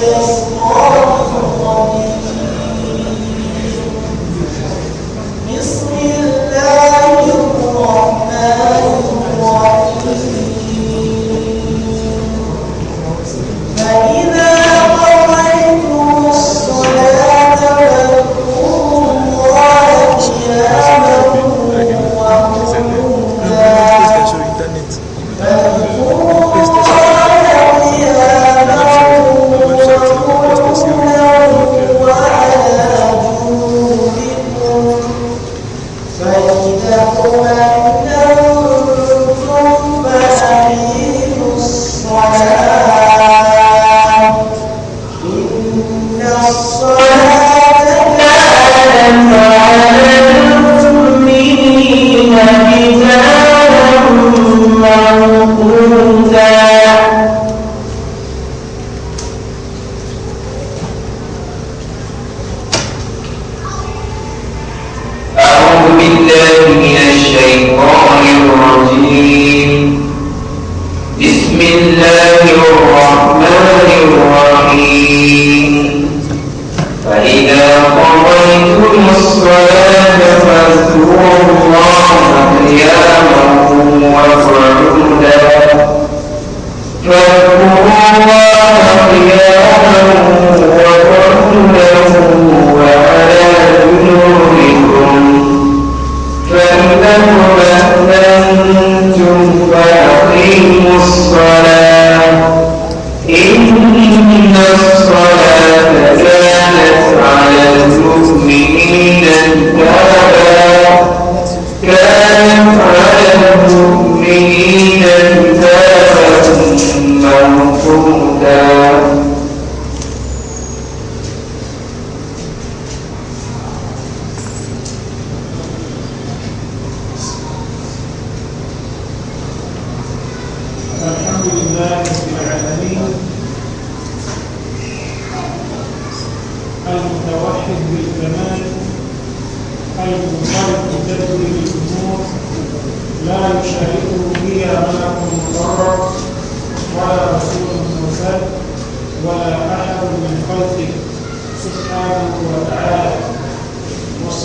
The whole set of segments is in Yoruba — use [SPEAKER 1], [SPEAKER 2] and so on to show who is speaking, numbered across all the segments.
[SPEAKER 1] Deus.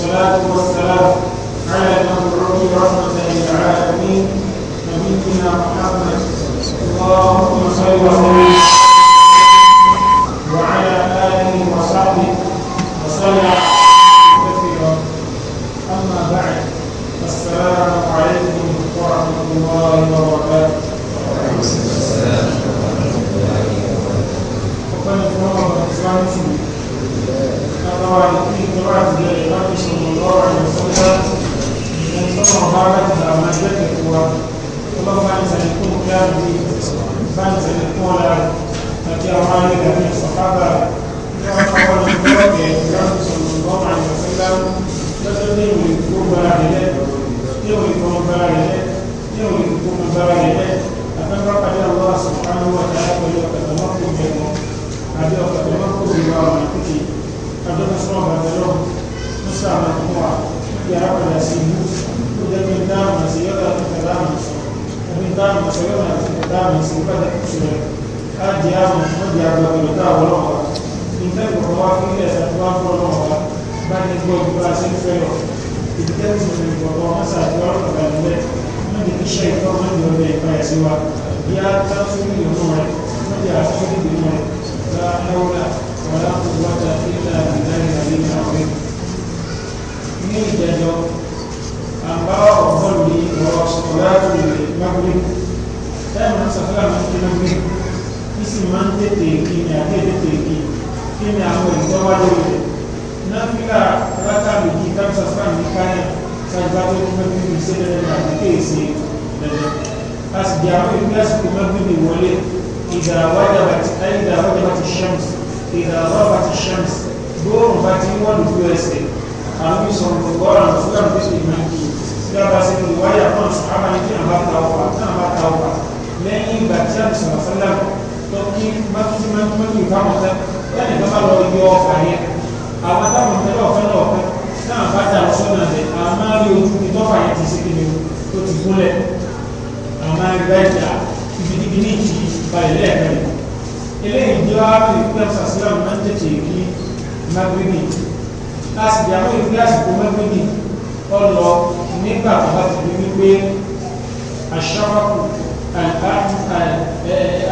[SPEAKER 1] والصلاة والسلام على المبعوث رحمة للعالمين نبينا محمد اللهم صل وسلم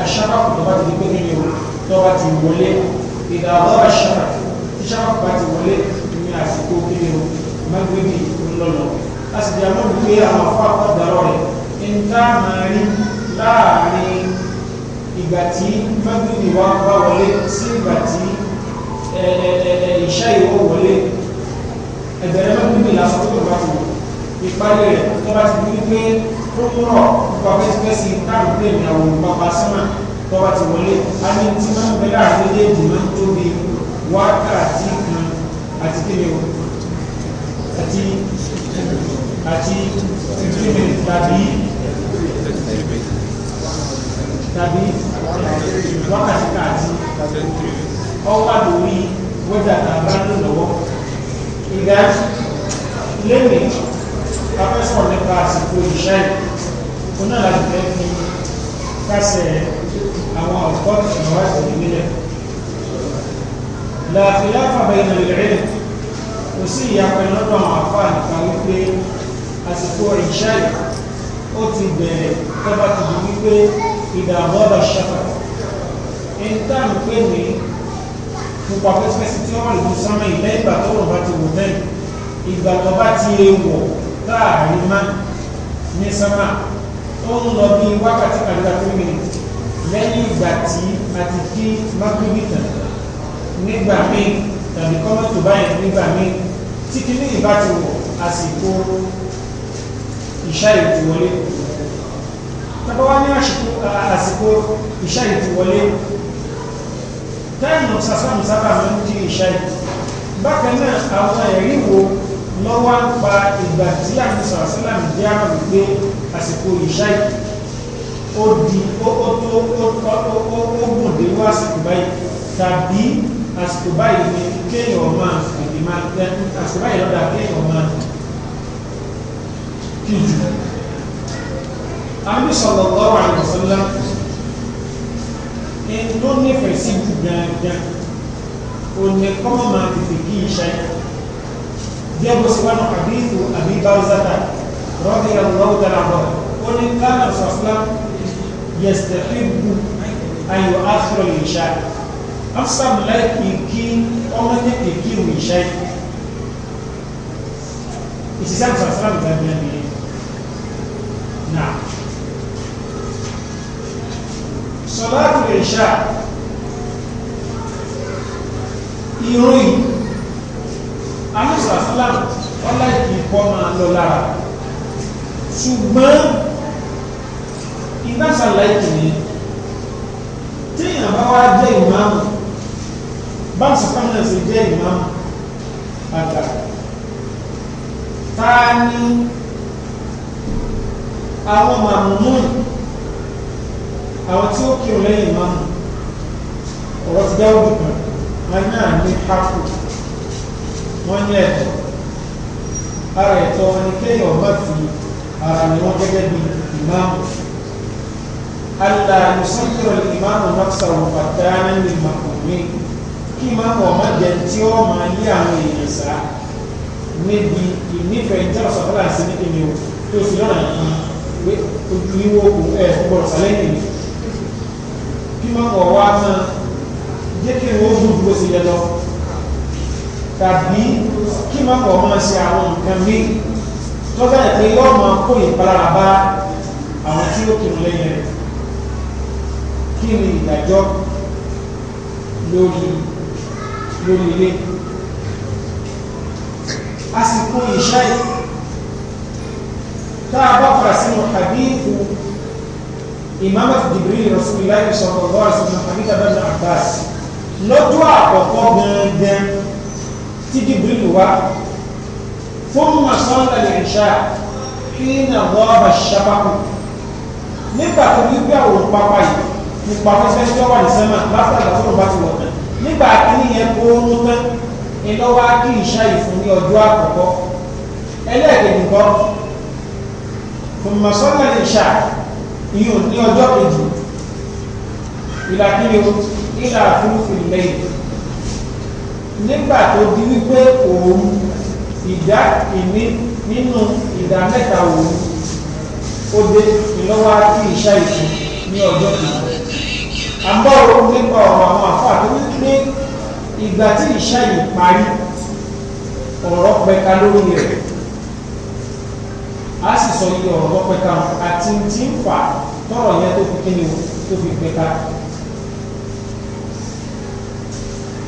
[SPEAKER 1] الشرف لغايه الدكتور اليوم لغايه الولي اذا ضرب الشرف الشرف بات الولي من عسكو كيلو مغربي كل لون اسد يامون كي افاق ضروري انت ماري لا ري ìgbà tí mẹ́gbìnì wa bá wọlé sí ìgbà tí ìṣẹ́ ìwọ wọlé ẹgbẹ̀rẹ̀ mẹ́gbìnì lásán tó bá ti wọ̀ ìparí rẹ̀ tó bá ti wí pé kúrúkúrọ̀ nípa pẹ́sipẹ́sì táàmù pé ìyàwó pápá sánmà tọ́wọ́ ti wọlé
[SPEAKER 2] a ní tí máa ń bẹ láàrin méjèèjì máa ń
[SPEAKER 1] tóbi wákàtí kan àti kíni o àti àti tìtìmì tàbí tàbí wákàtí kan àti ọwọ́ lórí tàbí lọ́wọ́ ìgbà lẹ́mìí afẹ́sọ̀ nípa àsìkò ìṣẹ́ ìkún náà láti fẹ́ fi kásẹ̀ àwọn ọ̀pọ̀ ìṣọ̀wádìí nílẹ̀ láàfíà fàbẹ̀ ìrìnlẹ̀ kò sí ìyapẹ̀ lọ́dọ̀ àwọn àfáà nípa wípé àsìkò ìṣẹ́ ó ti bẹ̀rẹ̀ tọ́bá ti di wípé ìdàbọ́dọ̀ ṣẹ́fà ìtàn pé ní
[SPEAKER 2] púpọ̀ pẹ́sipẹ́sí tí wọ́n lè fún sánmà
[SPEAKER 1] ìlẹ́ ìgbà tó rùn bá ti wò bẹ́ẹ̀ ìgbà tó bá ti rè wọ̀ láàrin má ní sánmà ó ń lọ bí wákàtí kàdúrà tó mi lẹ́yìn ìgbà tí a ti kí mákúbí tàn nígbà míì tàbí kọ́mọ́tò báyìí nígbà míì tí kíní ìbá ti wọ̀ àsìkò ìṣá ìtìwọlé tọ́bọ́ wá ní àsìkò ìṣá ìtìwọlé táìmù sàfàmù sábà máa ń kí ìṣá ìtì bákan náà àwọn ẹ̀rí wo lọ́wọ́ ń pa ìgbà tí àmì sàrásílà ń jẹ́ àmì pé àsìkò ìṣáì ó di ó tó ó gùn dé wá àsìkò báyìí tàbí àsìkò báyìí ni kéèyàn máa fìdí máa àsìkò báyìí lọ́dà kéèyàn máa kí jù. àmì sọ̀rọ̀ lọ́wọ́ àlùfọ́lá ń tó nífẹ̀ẹ́ sí jù dáadáa ò ní kọ́ máa tètè kí ìṣáì gẹ́gbọ́ sí wánà àbíìtò àbí báwùsátà rọ́bì àlùwáwù tàbí àbọ̀ ó ní kánà sọ̀fúlá yẹ̀sẹ̀ fíbù ayò áfúrò ìṣá afsam láìpì kí ọmọ ní èkí ìwò ìṣá ìṣiṣẹ́ sọ̀fúlá mi tàbí ẹ̀mí náà sọ̀lá lára ṣùgbọ́n iná ṣàlàyé kìíní téèyàn bá wá jẹ́ ìmáàmù bá sàkánà sí jẹ́ ìmáàmù àgbà ta ni àwọn màmúmú àwọn tí ó kírun lẹ́yìn ìmáàmù ọ̀rọ̀ ti dáwọ́ dùkàn wọn náà ní pápò wọn ní ẹ̀kọ́ ara ẹ̀tọ́ wọn ni kéèyàn ọba fi ara ni wọ́n gẹ́gẹ́ bí ìmáàmù allah musayiro ìmáàmù nafsa òfàtà nínú ìmàkùnmí kí ìmáàmù ọmọ jẹ tí ó máa lé àwọn èèyàn sá níbi ìnífẹ̀ẹ́ ìjọba sọ̀rọ̀ àti níbi tó fi lọ́nà yìí pé ojú yíwó kò ẹ̀ gbọ́dọ̀ sálẹ́yìn kí ìmáàmù ọwọ́ máa jẹ́ kí ìwọ́n fún ìdúró tàbí kí má kọ̀ ọmọ sí àwọn nǹkan mí tọ́gbà pé yọ́ ma kó ìpalára bá àwọn tí ó kìrù lẹ́yìn rẹ̀ kí ni ìdájọ́ lórí lórí ilé àsìkò ìṣẹ́ táà bá fara sínú àbíkù ìmáàmà Jibril Rasulullahi sallallahu alaihi wasallam àbíkà bẹ́ẹ̀ Abbas lọ́jọ́ àkọ́kọ́ gẹ́gẹ́ tí Jibril wá fún masọ́nà lè ṣá kí nà wọ́n bá ṣàpapọ̀ nígbà tó ní gbé àwọn pápá yìí nípa fẹ́fẹ́ tí ó wà ní sẹ́mà látàgbà tó lọ bá ti wọ̀ tán nígbà kíní yẹn kó ń tán iná wá kí ìṣá yìí fún ní ọjọ́ àkọ́kọ́ ẹlẹ́ẹ̀kejì kọ́ fún masọ́nà lè ṣá ní ọjọ́ kejì ìlà ìlà àfúrúfú lẹ́yìn nígbà tó di wípé òun ìdá ìní nínú ìdá mẹ́ta òun ó dé ìlọ́wọ́ àti ìṣá ìṣe ní ọjọ́ kan àbọ̀rọ̀ nípa ọ̀rọ̀ àwọn àfáà tó wípé ìgbà tí ìṣá yìí parí ọ̀rọ̀ pẹ̀ka lórí rẹ̀ a sì sọ iye ọ̀rọ̀ pẹ̀ka àti tí ń fà tọ̀rọ̀ yẹn tó fi kíni tó fi pẹ̀ka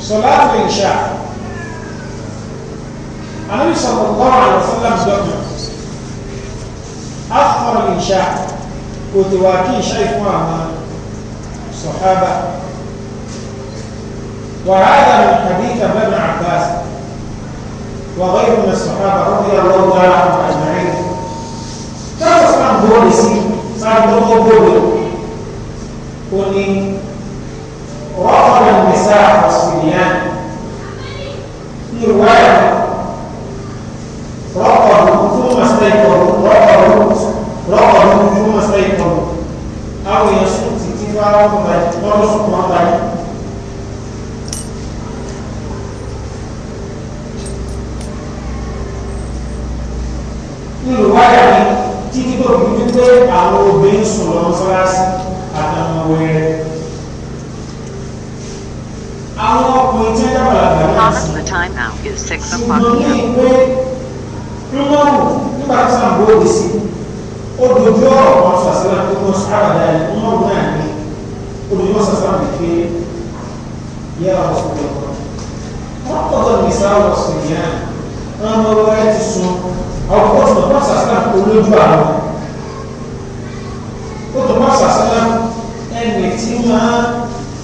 [SPEAKER 1] sọláàtì ìṣà anábì sallallahu alaihi wasallam dọ́kà afọ́rọ̀ ìṣà kò tí wà kí ìṣà ìfún àwọn sọ̀hábà وهذا من حديث ابن عباس وغير من الصحابه رضي الله تعالى عنهم اجمعين كما سمعت بولي سي سمعت بولي ó ní وأخذ النساء والصبيان في رواية رقبوا ثم استيقظوا رقبوا رقبوا ثم استيقظوا أو يسقط اتفاقهم
[SPEAKER 2] ورسقهم
[SPEAKER 1] عليه nínú wáyà ni títí tó fi wípé àwọn obìnrin sùn mọ́sálásí àtàwọn ọmọ ẹ̀rẹ́
[SPEAKER 2] àwọn ọkùnrin tí ẹjọ́ bàlàgbà náà sí ṣùgbọ́n ní ìwé
[SPEAKER 1] rúmọ́ọ̀mù nígbà tí sàn bó lè sí ó dojú ọ̀rọ̀ wọn sàṣẹ́lá tó kọ́ sábàdà ẹ̀ rúmọ́ọ̀mù náà ní olùyọ́ sàṣẹ́lá mi pé yẹ́ra ọ̀sùn lọ́kọ̀ wọ́n pọ̀ tó ní sáà ọ̀sùn yẹn wọ́n mọ wẹ́rẹ́ ti sun ọkọ̀ tó kọ́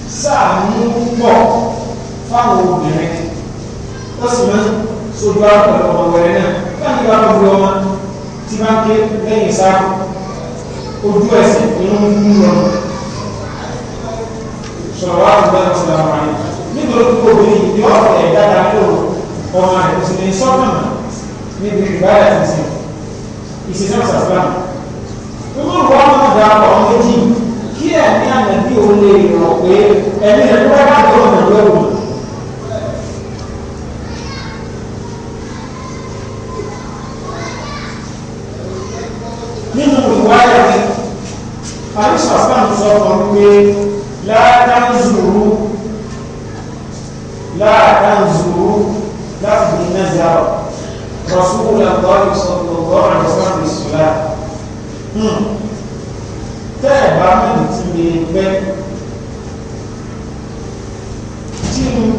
[SPEAKER 1] sáà mú pọ̀ fáwọn obìnrin ó sì máa ń sojú ara pẹ̀lú ọmọ wẹ̀rẹ̀ náà káàkiri bá gbogbo ọmọ tí máa ń ké lẹ́yìn sáà ojú ẹsẹ̀ ìrún ń lọ sọ̀rọ̀ wà lọ́wọ́ ti ra wọn nítorí pé obìnrin yìí yọ ọ̀rẹ́ dáadáa kó ọmọ rẹ̀ kò sì ní sọ́kànnà níbi ìbáyà ti sìn ìṣẹ̀ṣẹ̀ ọ̀sàfà nínú ìwà ọmọ ìgbà ọ̀hún méjì kí ẹ̀mí ànàbí òun lè rọ̀ pé ẹ̀mí
[SPEAKER 2] rẹ̀ kó bá bá lọ́wọ́ ìwé òun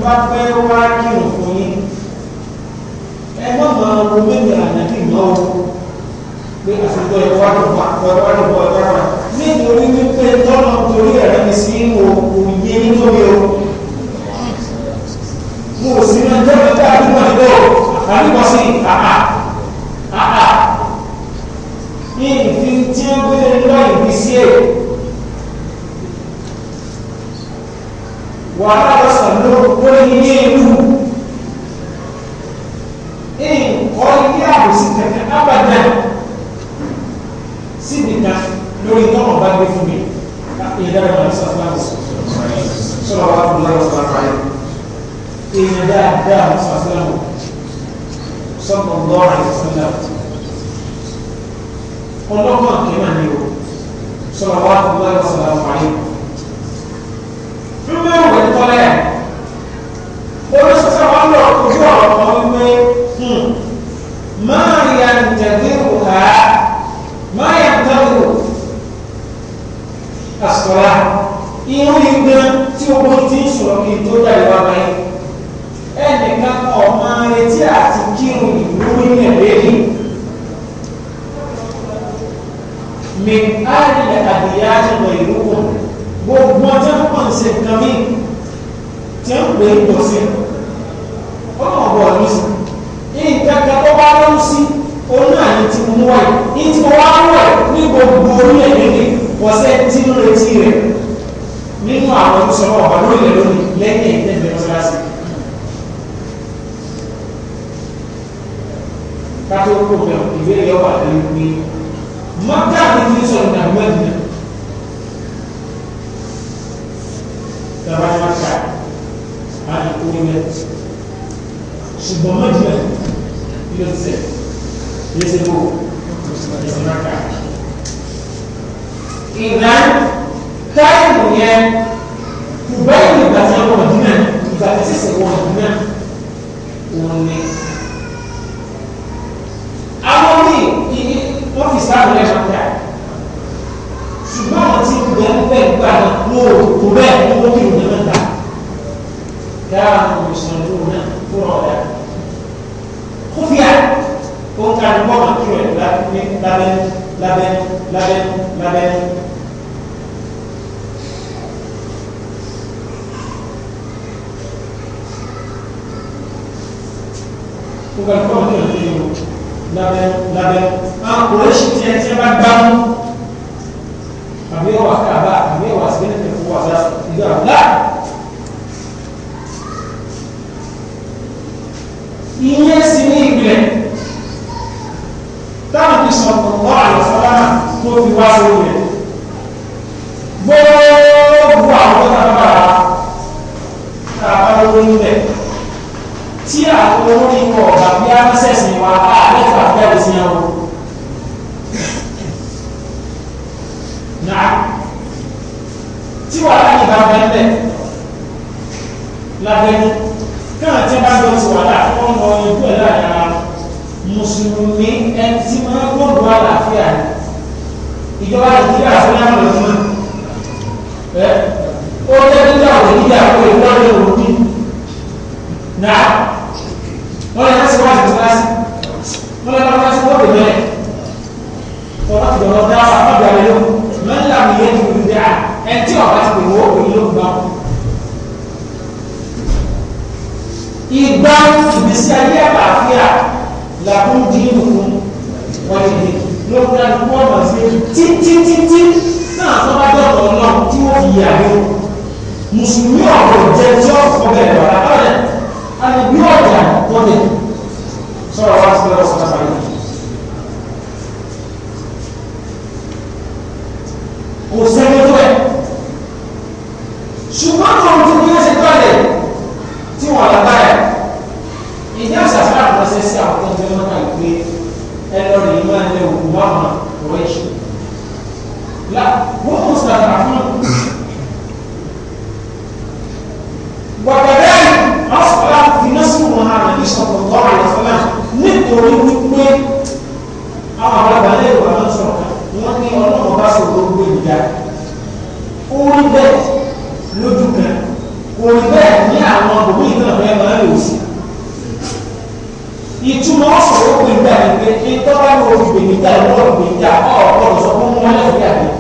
[SPEAKER 1] bá fẹ́ wá kírun fún yín ẹ má máa wo méjì ànábì náà o pé àfikún ẹ wá lọ wá lọ wá lọ wá lọ nítorí wípé tọ́nà torí ẹ̀rọ mi sí o kò yé nítorí
[SPEAKER 2] o mo ò sí náà jẹ́ pé àdúgbò àdúgbò àdúgbò sí àhà àhà
[SPEAKER 1] ní ìfi tí ó gbé lọ́yìn bí sí èkó. wàhálà lọ́sàn ló ó ní ní ewu nǹkan ní àbòsí kẹ̀kẹ́ ábàdà síbi kan lórí tọ́mọ̀ bá gbé fún mi ìyẹn dára máa sọ fún àti sọ̀rọ̀ wà fún lọ́wọ́ sọ̀rọ̀ fún àyè ìyẹn dáadáa ní o sọ̀rọ̀ wà fún lọ́wọ́ sọ̀rọ̀ fún àyè
[SPEAKER 2] fílẹ̀rù rẹ̀
[SPEAKER 1] tọ́lẹ̀ olùsọ̀sọ̀ wọn lọ ojú ọ̀rọ̀ wọn wípé hmm, máa yà ń tẹ̀dírù ha máa yà ń tẹ̀dírù àsọ̀rà irú igbá tí o bó ti ń sọ̀rọ̀ kí n tó dà ìwà báyìí ẹnìkan kọ̀ máa retí àti kírun ìlú min ali àdìyá ti lọ ìlú wọn gbogbo ọjọ́ ṣe nǹkan míì tí ń pè é ìjọsìn ọ̀nà ọ̀bọ̀ ọ̀lú sí nǹkan kan tó bá lọ́wọ́ sí òun náà ní ti mú wáyé ní ti wá wọ̀ ní gbogbo orílẹ̀-èdè ní wọ́sẹ̀ tí ń retí rẹ̀ nínú àwọn tó sọ̀rọ̀ ọ̀bà lórílẹ̀ lónìí lẹ́yìn ìtẹ́gbẹ̀rún síláṣí. kátó kó bẹ̀rù ìwé ìyọ́wà lórí pé mọ́tà ní ní sọ̀rọ̀ nàìjíríà lọ́wọ́ ṣá àdìkú ilẹ̀ ṣùgbọ́n mọ́jú ẹ̀ ilé ti sẹ̀ ilé ti bò ẹ̀sìn náà ká. ìgbà táìmù yẹn kò bẹ́ẹ̀ ní ìgbà tí wọ́n wọ̀ dínà ìgbà tí sísè wọ̀ dínà òun ni. àwọn míì wọ́n fi ṣùgbọ́n àwọn tí ń bẹ ń bẹ gbà wo kò bẹ́ẹ̀ ní wọ́n kìlọ̀ ní mẹ́ta dáa àwọn ìṣòro ìlú náà fún ọ̀dà kófíà ó ń ka ní wọ́n máa ẹ̀ lábẹ́ lábẹ́ lábẹ́ lábẹ́. Kókàlùkọ́ ọ̀dọ́ ìlú lábẹ́ lábẹ́ àwọn kòrèṣì tí ẹ ti bá gbámú.
[SPEAKER 2] كمية واسكن أباء كمية واسكن تكون واساس إدارة لا إيه
[SPEAKER 1] سنين بلد táwọn ti sọ ọ̀pọ̀ àlọ́sọ́lá tó fi wá lórí rẹ̀ gbogbo àwọn tábà tábà lórí rẹ̀ tí àwọn orin ọ̀gá bí a ń sẹ̀sìn wa àlẹ́fà bẹ́ẹ̀ sí ẹ̀wọ̀n. tí wàhálà ní ìbá bẹ́ẹ̀ bẹ́ẹ̀ lábẹ́nu káà tí wọ́n bá gbọ́ sí wàhálà wọ́n mọ ojú ẹ̀ láàyà mùsùlùmí ẹni tí wọ́n gbọ́dọ̀ àlàáfíà ìjọba nàìjíríà fún yàrá lọ́dún ẹ ó jẹ́ nígbà òwe nígbà òwe wọ́n lé òbí náà wọ́n lè lọ́sọ̀ wájú kíláàsì wọ́n lè lọ́sọ̀ wájú wọ́n lè bẹ̀rẹ̀ wọ́n lọ́sọ̀ wọ́n dáwà wọ́n bẹ̀rẹ̀ lọ́wọ́ mẹ́ńlá mi yẹ kí wọ́n dẹ́ àná ẹ tí ọba ti pè wọ́n òye ló gbà wọ́n. ìgbà ìgbésí ayé àlàáfíà làkún di ìlúkun wọ́n ti di ló ń dá lóko ọ̀nà sí
[SPEAKER 2] títítítí náà tó bá dọ̀tọ̀ náà tí wọ́n fi yà ló. mùsùlùmí ọ̀rọ̀ jẹ́ tí ó fọ́ bẹ̀rẹ̀ ọ̀rá lọ́rẹ̀ àti bí ọ̀jà wọlé sọ̀rọ̀ wá sí ọ̀rọ̀ sọ̀rọ̀ sọ̀rọ̀
[SPEAKER 1] kò sẹ́ni ṣùgbọ́n tó ń tún bí wọ́n ṣe gbọ́dẹ̀ tí wọ́n lágbára ìdí àṣà sára kan ṣe sí àwọn tó ń tún wọn pé ẹ lọ rè é máa lẹ òkú wà mà ọ̀rọ̀ ìṣe la wọ́n kò sàrà fún wàgbàdà yìí ọ̀sọ̀lá fínásì wọn hàn ní sọ̀tọ̀tọ̀ àlọ́sọ̀lá nítorí wípé àwọn àgbàgbà lè wà lọ́sọ̀rọ̀ kan
[SPEAKER 2] wọ́n ní ọlọ́mọba
[SPEAKER 1] sọ̀rọ̀ gbé ìjà
[SPEAKER 2] ó ń bẹ́ẹ̀ lójú
[SPEAKER 1] kan kò rí bẹ́ẹ̀ ní àwọn bòmí náà bẹ́ẹ̀ máa lò sí. ìtumọ̀ ọ̀sọ̀rọ̀ pé gbà ní pé kí tọ́ba ní ojú gbèmíjà lọ́wọ́ gbèmíjà ọ̀ọ́kọ̀ọ̀ sọ fún wọn lẹ́sẹ̀ bí àgbẹ̀.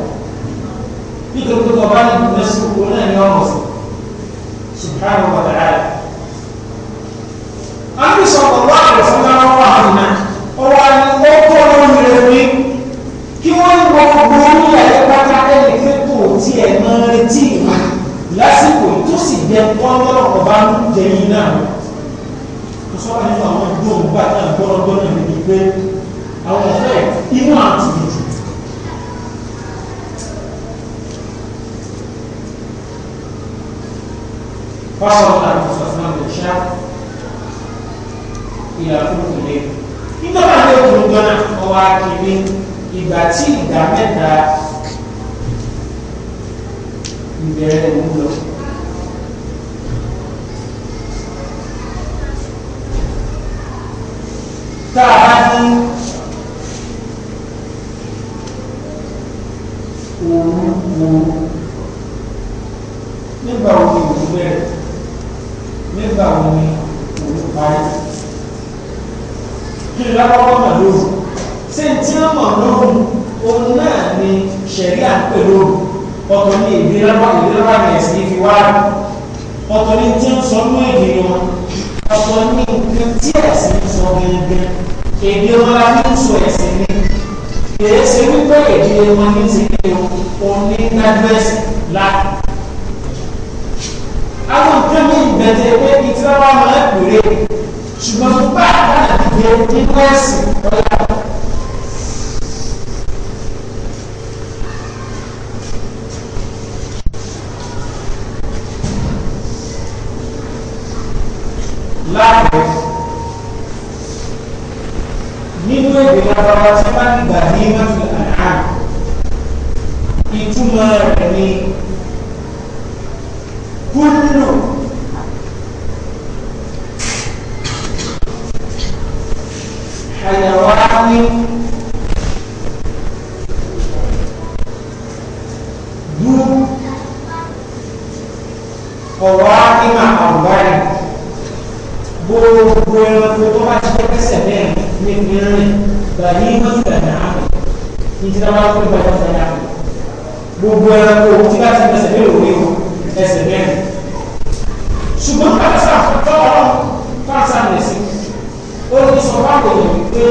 [SPEAKER 1] nítorí pé tọ́ba ní ìdùnnú sí oko náà ní ọ̀nà sí subhanahu wa ta'ala. àbí sọ̀rọ̀ wá àgbẹ̀ fún náà wà á nà ọwọ́ àni ó tó lórí rẹ̀ ní kí wọ́n ń wọ gbogbo orí ìdẹ̀kọ́ tọ́lọ̀ ọba ń jẹ yín náà kò sọ́ra nínú àwọn ẹgbẹ́ òun gbà náà gbọ́dọ̀gbọ́ náà níbi pé àwọn ọ̀fẹ́ inú àti ìjù. Fáwọn ọ̀la àti sọ̀tún àti ìṣá ìlà fún ìlé. Nígbà máa lé òun gbọ́nà ọwọ́ akíní ìgbà tí ìdá mẹ́ta ìbẹ̀rẹ̀ òun lọ. tá a ní
[SPEAKER 2] òun wo nígbà wo ni
[SPEAKER 1] òun nígbà wo
[SPEAKER 2] òun parí
[SPEAKER 1] kí ni lápapọ̀ mà lóhùn ṣé n tí wọ́n mọ̀ lóhùn òun náà ni ṣẹ̀rí à lóhùn ọ̀tọ̀ ní ìdílábà ìdílábà ní ẹ̀sìn ìfiwá ọ̀tọ̀ ní tí ń sọ mú èdè ọ̀tọ̀ ní nǹkan tí ẹ̀sìn sọ gẹ́gẹ́ èdè wọn la fi ń sọ ẹ̀sìn ni kìí ṣe wípé èdè wọn ní ti kí o òní nàgbẹ́sì la. àwọn nǹkan mi ìgbẹ̀tẹ̀ pé ìtura wa máa ń pèrè ṣùgbọ́n tó bá àdáyà
[SPEAKER 2] dìde nínú ẹ̀sìn ọ̀la.
[SPEAKER 1] láàbò yatawassaman bahimah juga ada, itu rẹ̀ sọ fáwọn èèyàn wípé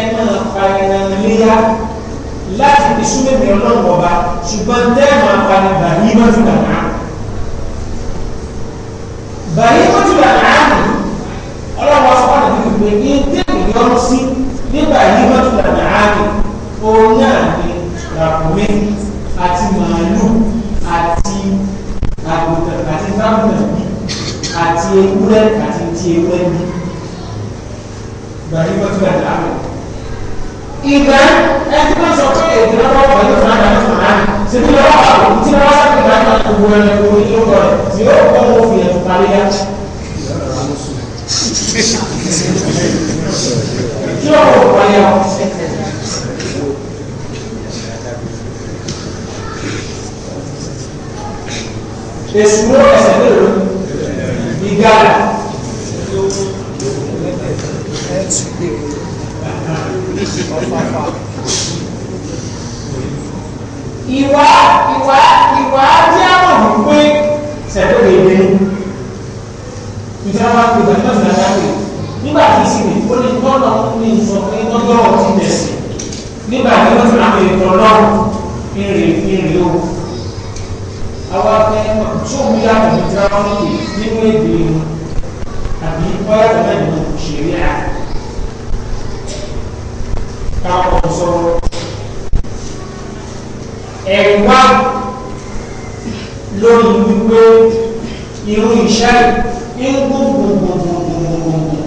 [SPEAKER 1] ẹ máa pa ẹran léyà láti fi súnmọ́ ìbẹ̀rẹ̀ ọlọ́run ọba ṣùgbọ́n tẹ́ máa pa ní bàyí má ti bàná. bàyí má ti bàná ni ọlọ́run wá fún àwọn ìdílé pé ní tẹ́lẹ̀ yọrọ sí ní bàyí má ti bàná ni òun náà ni ràkúnmí àti màálù àti àgùntàn àti tábùnà àti ewúrẹ́ àti ti ewúrẹ́ bíi ìgbà ẹni tó sọ pé èdè lọ́wọ́ pẹ̀lú fúnadà ní fúnadà ti ní lọ́wọ́ àwọn tí wọ́n sábà gbà máa
[SPEAKER 2] ń wo ẹni wo ní lóko rẹ̀ tí yóò kọ́ mọ́ fi ẹ̀tù parí yá. kí ló wọ ìwà
[SPEAKER 1] ìwà ìwà tí a mọ̀ ní pé
[SPEAKER 2] sẹ́kọ̀ọ́ lè bínú ìjọba kò gbà tó gbà dáké
[SPEAKER 1] nígbà tí ìsinmi ó ní tọ́lọ̀ ní sọ pé tọ́jọ́ ọtí bẹ̀sẹ̀ nígbà tí wọ́n fi àwọn ètò ọlọ́run ìrè ìrè o àwa fẹ́ tó ń yàtọ̀ ní tíráfíìkì nínú èdè àbí wọ́n yàtọ̀ mẹ́rin òṣèré àti kakọ̀ sọ̀rọ̀ ẹ̀wá lórí wípé irú iṣẹ́ ń gbogbogbogbogbogbogbò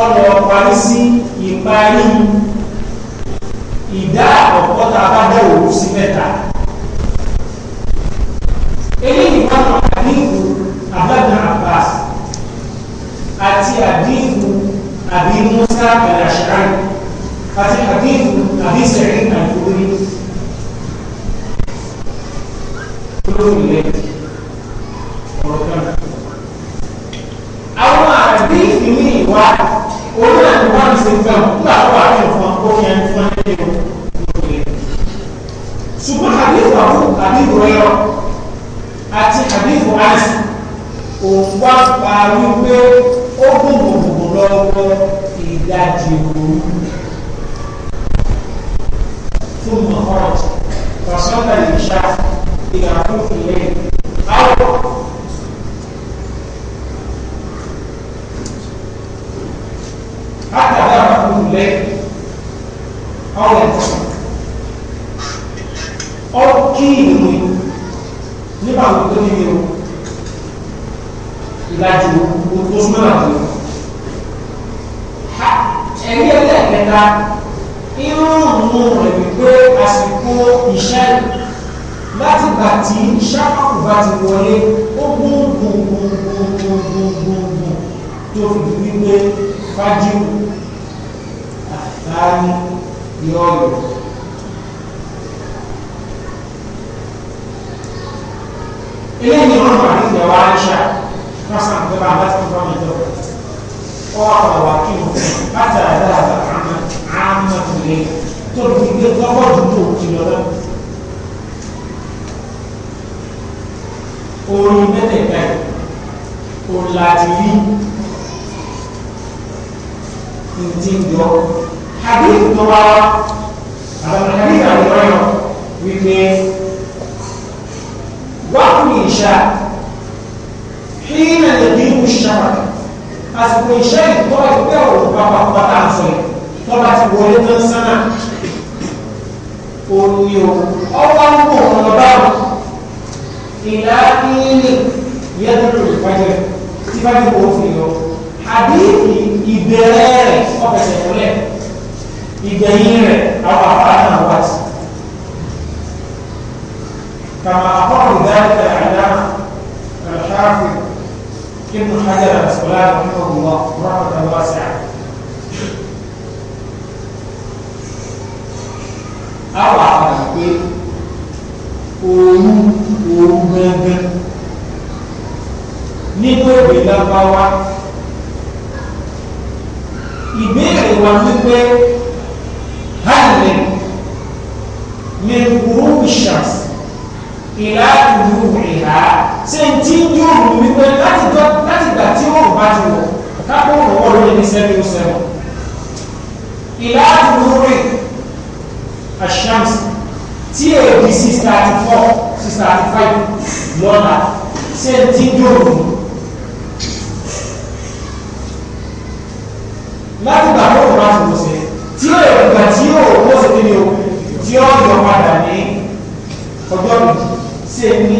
[SPEAKER 1] ọ̀nà parí sí ìparí ìdá àkọ́kọ́ tá a bá dẹ̀ òru sí mẹ́ta
[SPEAKER 2] eléyìí wà ní àdínkù
[SPEAKER 1] abẹ́nà Abbas àti àdínkù àbí Musa kàlàṣáàrì àti àdéhùn àdéhùn àìfowórí olórí rẹ̀ ọ̀rọ̀ kan. àwọn àdéhùn ní ìwà orí àti wọ́n ṣe gbọ́n nígbà tó wà ní ìfọ̀n ó fi ẹni fún ẹni lé wọn lórí rẹ̀. ṣùgbọ́n àdéhùn àwọn àdéhùn rẹ̀ àti àdéhùn àìsàn òun wá pa wípé ó gbogbogbò lọ́wọ́ ìdajì
[SPEAKER 2] òru. tudo uma forte, só só em deixar e dar cumprimento ao a com
[SPEAKER 1] tá o leito ao leito ao que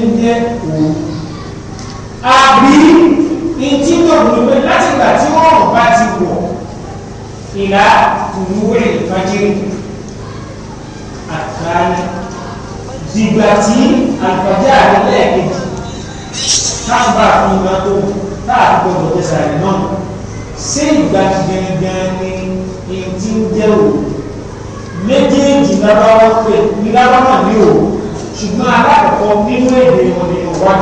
[SPEAKER 1] ń jẹ́ òun àbí ìtí lọ́gbọ̀n pé láti gbà tí wọ́n bá ti wọ̀ ìlà òwúwẹ̀ ìfàjírí àtàlẹ́ dìgbà tí àgbàjá rẹ̀ lẹ́ẹ̀kejì táàbà fún ìgbà tó táàgbọ̀dọ̀ tẹ̀sà rẹ̀ náà ṣé ìgbà gangan ni ìtí ń jẹ́ òun méjèèjì lábáwọ́ pé ní ní òun ṣùgbọ́n alákọ̀ọ́ nínú èdè wọn ni ọ̀wá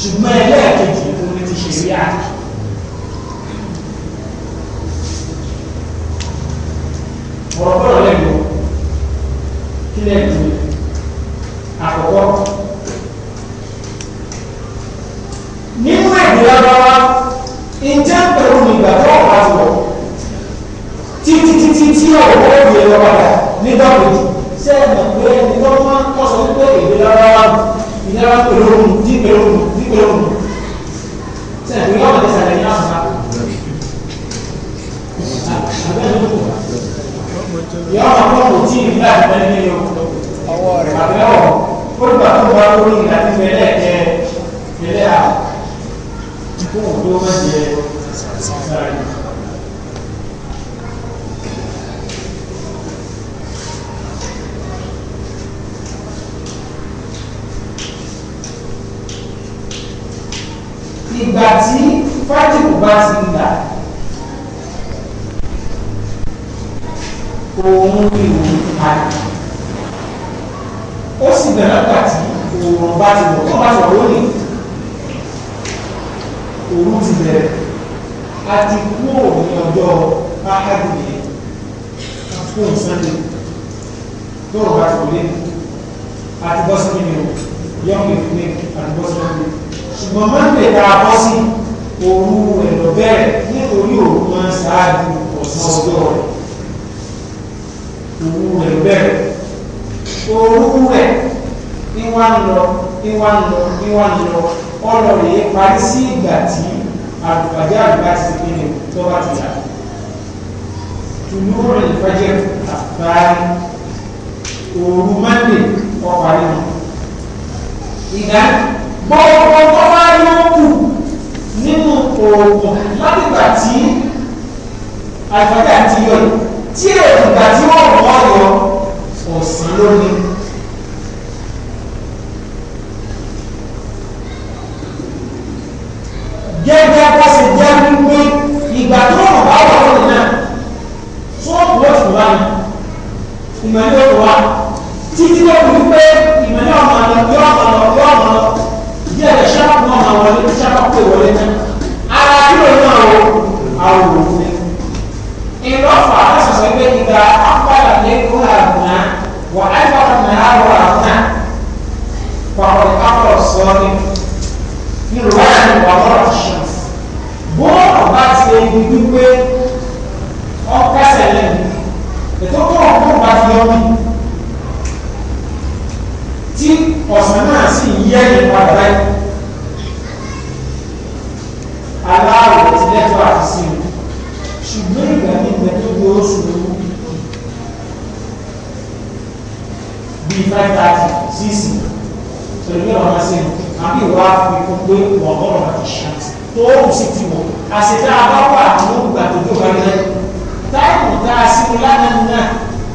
[SPEAKER 1] ṣùgbọ́n ẹlẹ́ẹ̀kejì òun ni ti ṣe sí àdìkì ọ̀rọ̀ bọ́ọ̀rọ̀ lẹ́nu kí lẹ́nu àkọ́kọ́
[SPEAKER 2] nínú èdè lọ́wọ́
[SPEAKER 1] ìjẹ́ pẹ̀lú ìgbà tó ọ̀pá ti wọ̀ títí títí tí ọ̀rọ̀ bọ́ọ̀rọ̀ yẹn lọ́wọ́ dà nígbà kejì mọ̀ pé ẹni tó máa ń kọ́sọ̀ wípé èdè lára wa ìdára pẹ̀lú òun dí pẹ̀lú òun dí pẹ̀lú òun sẹ́yìn pé yọ̀wọ̀ tẹ̀sán ẹ̀yìn àṣà yọ̀wọ̀
[SPEAKER 2] pọ̀ kò tí ì nígbà tó ní o ọwọ́ ìgbà tí fájìkù bá ti gbà
[SPEAKER 1] òun ni òun padà ó sì bẹ̀rẹ̀ gbà tí òun bá ti bọ̀ tó bá sọ̀rọ̀ ó òun ti bẹ̀rẹ̀ a ti kú òun ọjọ́ áhádì yẹn a kú òun sánni tó rọ̀ bá ti wọlé a ti bọ́ sí nínú yọ̀ọ̀mù ìfúnni a ti bọ́ sí nínú ṣùgbọ́n monday tá a bọ́ sí òru ẹ̀rọ bẹ́ẹ̀ nítorí òru máa ń ṣáájú ọ̀sán ọjọ́ rẹ̀ òru ẹ̀rọ bẹ́ẹ̀ òru rẹ̀ ní wá ń lọ ní wá ń lọ ní wá ń lọ ọ̀rọ̀ rèé parí sí ìgbà tí àlùfàjẹ́ àgbà ti fi ní tó bá ti yà tùlúrò ìfẹ́jẹ́ àgbáyé òru monday ọ̀parí ìdá
[SPEAKER 2] gbogbo tó bá yókù
[SPEAKER 1] nínú oògùn látìgbà tí àlùfáàjà ti yọ tí èdìgbà tí wọ́n mọ̀ ọ́ yọ
[SPEAKER 2] ọ̀sán lónìí.
[SPEAKER 1] gẹ́gẹ́ bó ṣe jẹ́ wípé ìgbà tó wọ́n bá wà lónìí náà tó
[SPEAKER 2] wọ́n fún wa ìmọ̀lẹ́ wa títí lóògùn pé ìmọ̀lẹ́ ọmọ àlọ́ yọ ọmọ ilé ẹ̀rọ ṣáà mú ọmọ wọlé ṣáà pé wọlé
[SPEAKER 1] náà ara kílò náà o àwọn òfin ìlọ́fà lọ́sọ̀sọ̀ pé ìgbà àpàlà lẹ́kọ̀ọ́ àbùnà wà á fọ́nà náà wọ àbùnà pàpọ̀ ìpapọ̀ sọ́ọ́ni yorùbá náà ní wàá lọ́rọ̀ ṣàn bọ́ọ̀lù bá ti lè di wípé ọ̀kẹ́sẹ̀ lẹ́nu ètò bọ́ọ̀lù bọ́ọ̀lù bá ti yọ ọ̀sán náà sì yẹ́ ìpadà báyìí aláàwọ̀ ti lẹ́tọ̀ àti sinmi ṣùgbọ́n ìgbà ní ìgbà tó gbé oṣù lówó bíi five thirty six pẹ̀lú ọ̀nà sinmi àbí ìwà fífún pé wọ́n bọ̀rọ̀ àti ṣáàtì tó ń sì ti wọ̀ àṣetá abáwọ̀ àtúnwò ìgbà tó gbé wáyé lẹ́yìn táìmù tá a sinmi lánàá náà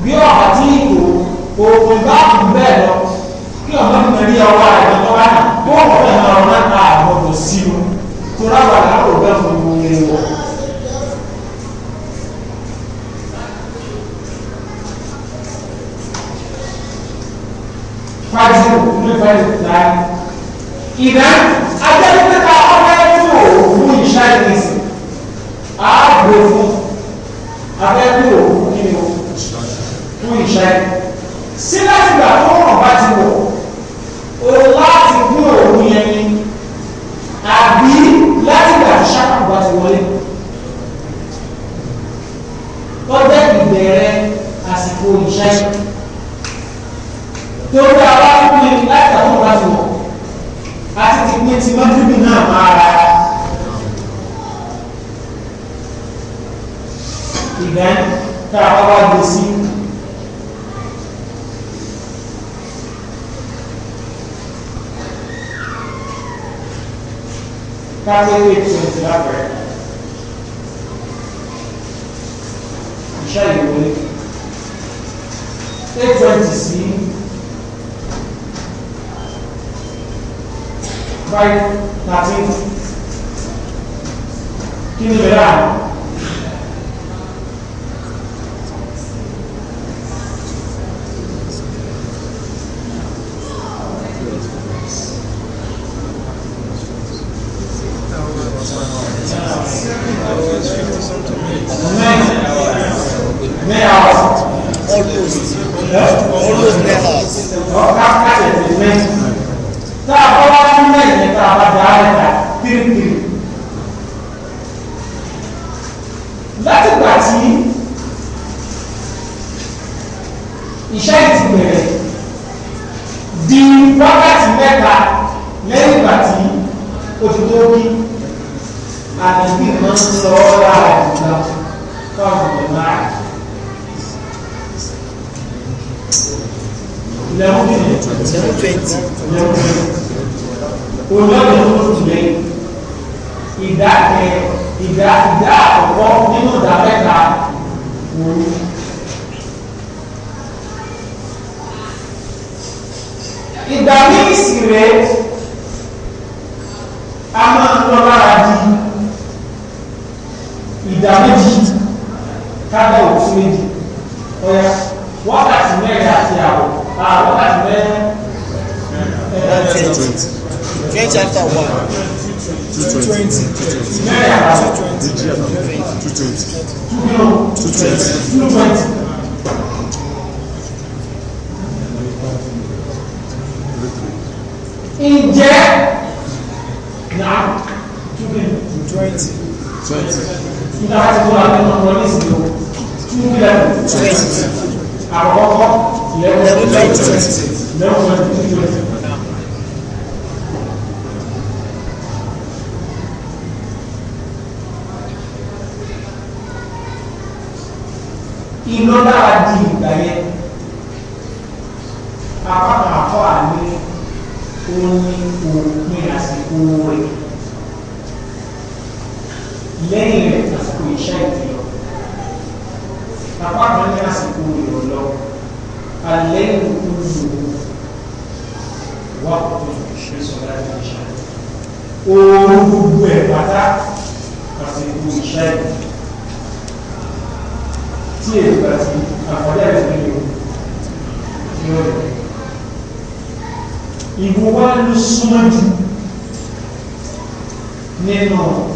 [SPEAKER 1] bí ọ̀rọ̀ àti ìgò òògùn bá kù bẹ́ẹ̀ lọ
[SPEAKER 2] kí ọmọ mi rí ọwọ́ rẹ̀ lọ́wọ́ náà bó wọ́n fẹ́ràn ọ̀rọ̀ náà ta
[SPEAKER 1] àwọn ọ̀dọ̀ sí i tó
[SPEAKER 2] rábàlá ọ̀gá fún mi wọ̀.
[SPEAKER 1] pàṣẹ nípa ìta ìdá adẹ́gbẹ́ta ọmọ ẹ̀kọ́ òògùn ìṣá ìrìnsì ààbò fún abẹ́gbẹ́ òògùn nínú fún ìṣá ìrìnsì sílẹ̀ ìgbà tó wọ́n bá ti wọ̀ òun lá bá ti wọlé tọ́jọ́ ìbẹ̀rẹ̀ àsìkò ìṣẹ́
[SPEAKER 2] tó bá wá pín láti àwọn ọ̀rá ti wọ̀ àti ti pín ti mọ́tìbí náà máa ra
[SPEAKER 1] ìgbà tá a wá gbé Carry influence in our prayer. Iṣẹ́ ìwé eight twenty sí five thirteen kí ni bẹ̀rẹ̀ àná. kú ìrọ̀lọ́ alẹ́ ìlú wà tó ìṣẹ́sọ̀lá ìṣẹ́ oòrùn gbogbo ẹ̀ pátá àsìkò ìṣẹ́ tí èdè àti àfọ́lẹ́ ìrìnlẹ̀ tí ó rẹ̀ ìwọ wá ló súnmọ́ jù nínú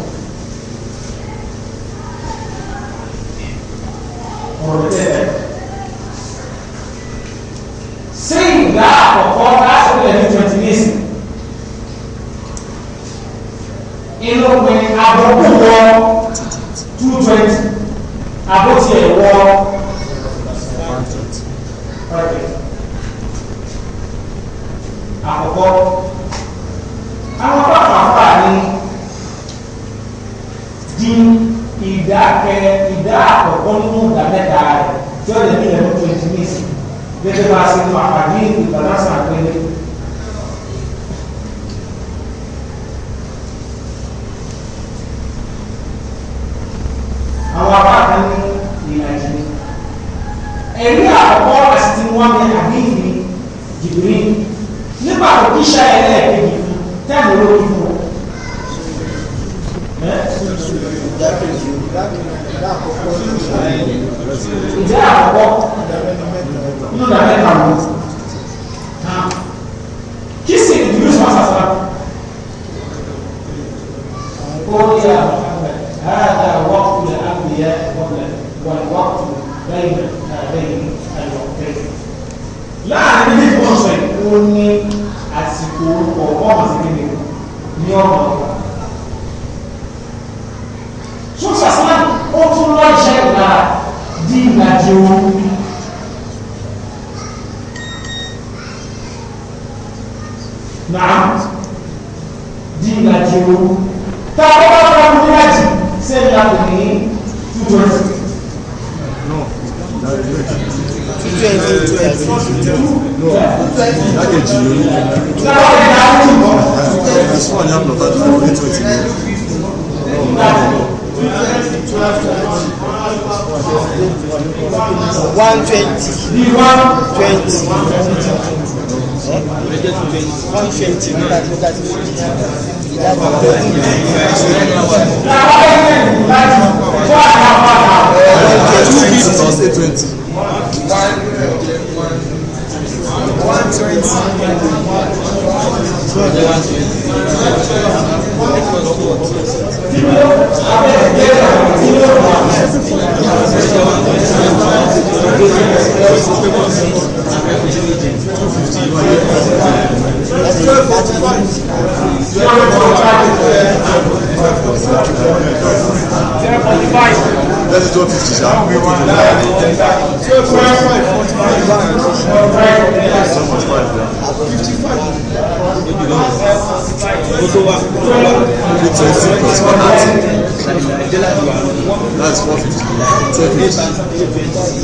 [SPEAKER 1] one fifty náà one twenty. Let's do 50 sharp.
[SPEAKER 2] So much five there. 55. That's 450. 20.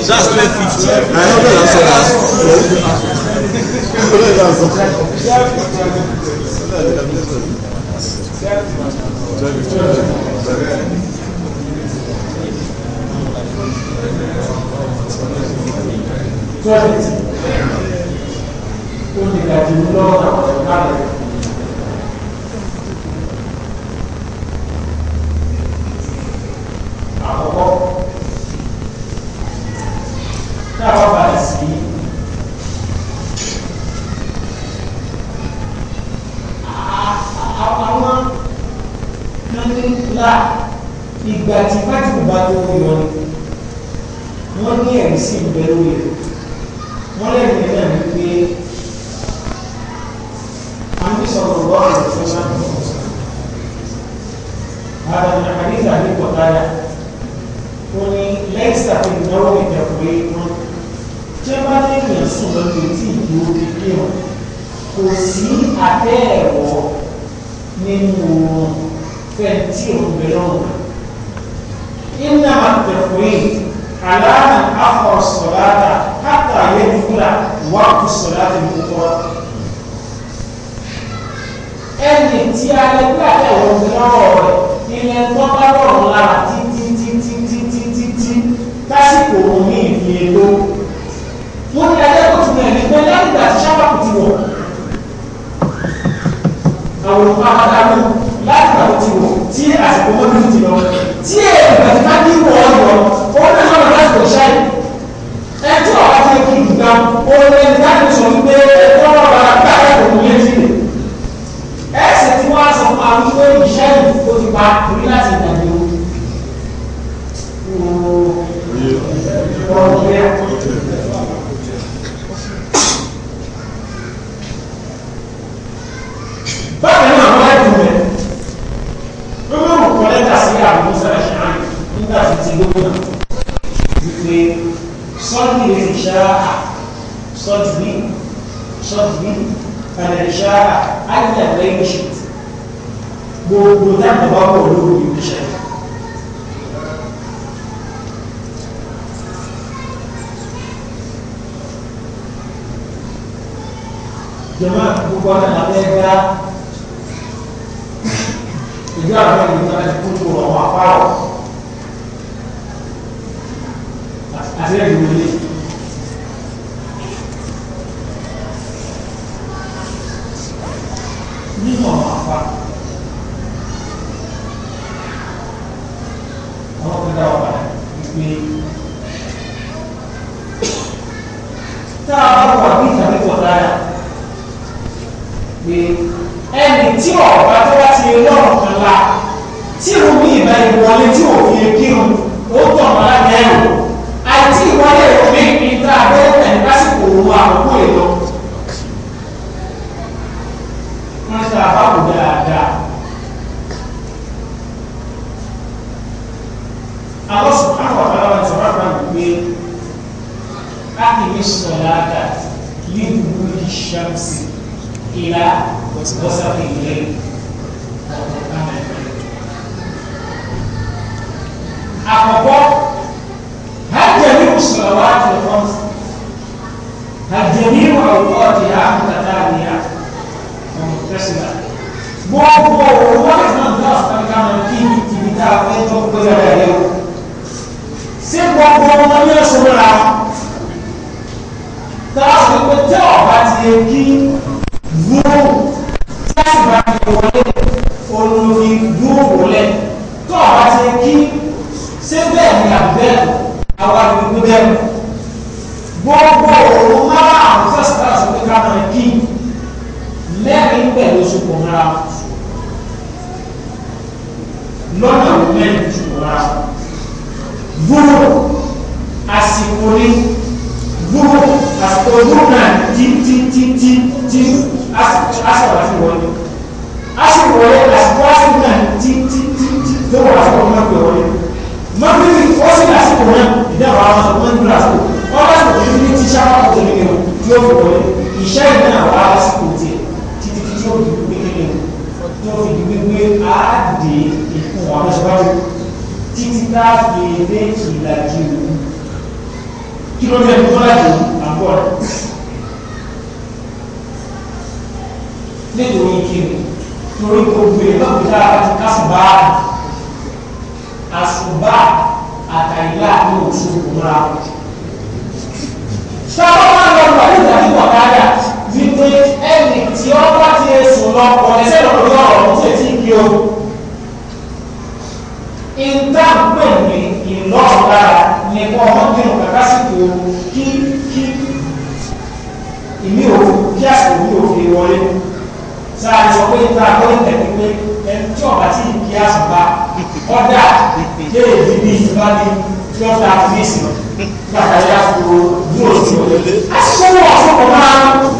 [SPEAKER 2] Just that's Twenty. Twenty. Twenty. Twenty. Twenty. Twenty. Twenty. Twenty. Twenty. Twenty. Twenty. Twenty. Twenty. Twenty. Twenty. Twenty. Twenty. Twenty
[SPEAKER 1] ìgbà tí pátìkù bá tó yọ ni wọ́n ní ẹ̀rí sí ìgbẹ́ lórí rẹ̀
[SPEAKER 2] wọ́n lẹ́nu náà ní pé àmísọ̀rọ̀
[SPEAKER 1] lọ́wọ́ rẹ̀ fún sáà هذا من حديث أبي قتادة وني ليس في النوم تفويت tí a bá lẹ́yìn ẹ̀sùn lọ́jọ́ tí ìlú orí pé wọn kò sí abẹ́ ẹ̀rọ nínú fẹ́ntì òun bẹ̀rẹ̀ ọ̀hún التفويت على من أخر الصلاة حتى يدخل وقت الصلاة المطلقة ẹni tí a lè gbé àtẹ̀wò lọ́wọ́ rẹ̀ ilẹ̀ tó bá lọ́rùn lára
[SPEAKER 2] títí títí títí títí
[SPEAKER 1] lásìkò omi ìfi èlò
[SPEAKER 2] wọ́n ní ajá tó tún ẹ̀mí pé lẹ́yìn ìgbà tí sábàkù ti wọ̀
[SPEAKER 1] àwọn olùkọ́ àwọn láti ìgbà ti wọ̀ tí àsìkò mọ́tò ti lọ tí èèyàn bá ní ìwọ ọyọ òun náà lọ́nà láti lè ṣáì ẹjọ́ ọ̀rọ̀ ti kí ìgbà òun ẹni láti sọ wípé ẹjọ́ ọ̀rọ̀ àgbà ẹ̀kọ́ kò yé sílẹ̀
[SPEAKER 2] ẹ̀sìn tí wọ́n á sọ fún àwọn ìṣẹ́ ìfowópamọ́ láti
[SPEAKER 1] náà wípé sọ́ọ̀dì rẹ̀ ṣá sọ́ọ̀dì mí sọ́ọ̀dì mí kàlẹ̀ ṣá áyà lẹ́yìn ṣe gbogbo dáàbò bá wọ̀ lórí ìgbésẹ̀. jama gbogbo ọ̀nà àbẹ́gbá ìjọ àwọn ìgbà tó kúrò àwọn àpárọ̀. àtẹ́lẹ̀ ìgbìmọ̀ ilé nínú
[SPEAKER 2] ọ̀rọ̀kọ́tìyà àtàtàníyà ọ̀mọ̀tẹ́sílà gbogbo owó ìgbàgbọ́ àtàkàmọ̀ kí ibi tá a fẹ́ tó péjọ
[SPEAKER 1] rẹ̀ yẹ o ṣé gbogbo ọmọ ní ẹ̀sùn ra
[SPEAKER 2] táwọn ìpè tẹ́
[SPEAKER 1] ọ̀bá ti yẹ kí wúrò tí a sì máa wọlé òun ra lọ́nà mẹ́rin ju òun ra gbúrò àsìkò ní gbúrò àsìkò gbúrò náà tí tí tí tí tí àsìkò àti wọlé àsìkò wọlé àsìkò àsìkò náà tí tí tí tí lọ́wọ́ àsìkò náà pè wọlé mọ́tìrì fọ́sílẹ̀ àsìkò náà ìdáwọ̀ àwọn ọmọ ìgbìlá àsìkò wọ́n bá sọ̀rọ̀ ní ti sábà tó tẹ̀lé yẹn tí ó fi wọlé ìṣe ìdáná àwọn àsìkò tiẹ̀ títí tí ó fi de àádìdè ìfún wọn tó ṣọ́wọ́ títí láti dé ìlàjì òun kí ló fẹ́ kó láti àbọ̀ nítorí kíni
[SPEAKER 2] torí gbogbo ẹ̀ e lọ́pọ̀ tá a ti kásùbá
[SPEAKER 1] àsùbá àtàyílá ní oṣù kòmúra sọ́kọ́ máa ń lọ pẹ̀lú ìdájú ọ̀kadà wípé ẹnì tí ó bá ti sùn lọ kọ̀ ẹ́sẹ̀ lọ́dún yí o ìta pè ní ìlọ́run lára ní kọ́ ọmọdéwọ̀n kàkà sí kò kí kí ìmí o kí àsìkò mi ò fi wọlé sáà sọ pé ìta pé tẹ̀lé pé ẹni tí ọ̀gá tí kí àsùnbà ọ̀dà kéè fi bí ìsìnbá ní tí wọ́n fi àtúnyèsí lọ nígbà tá a ní òṣìṣẹ́ òṣìṣẹ́ àṣìṣe wọn fún ọmọ náà.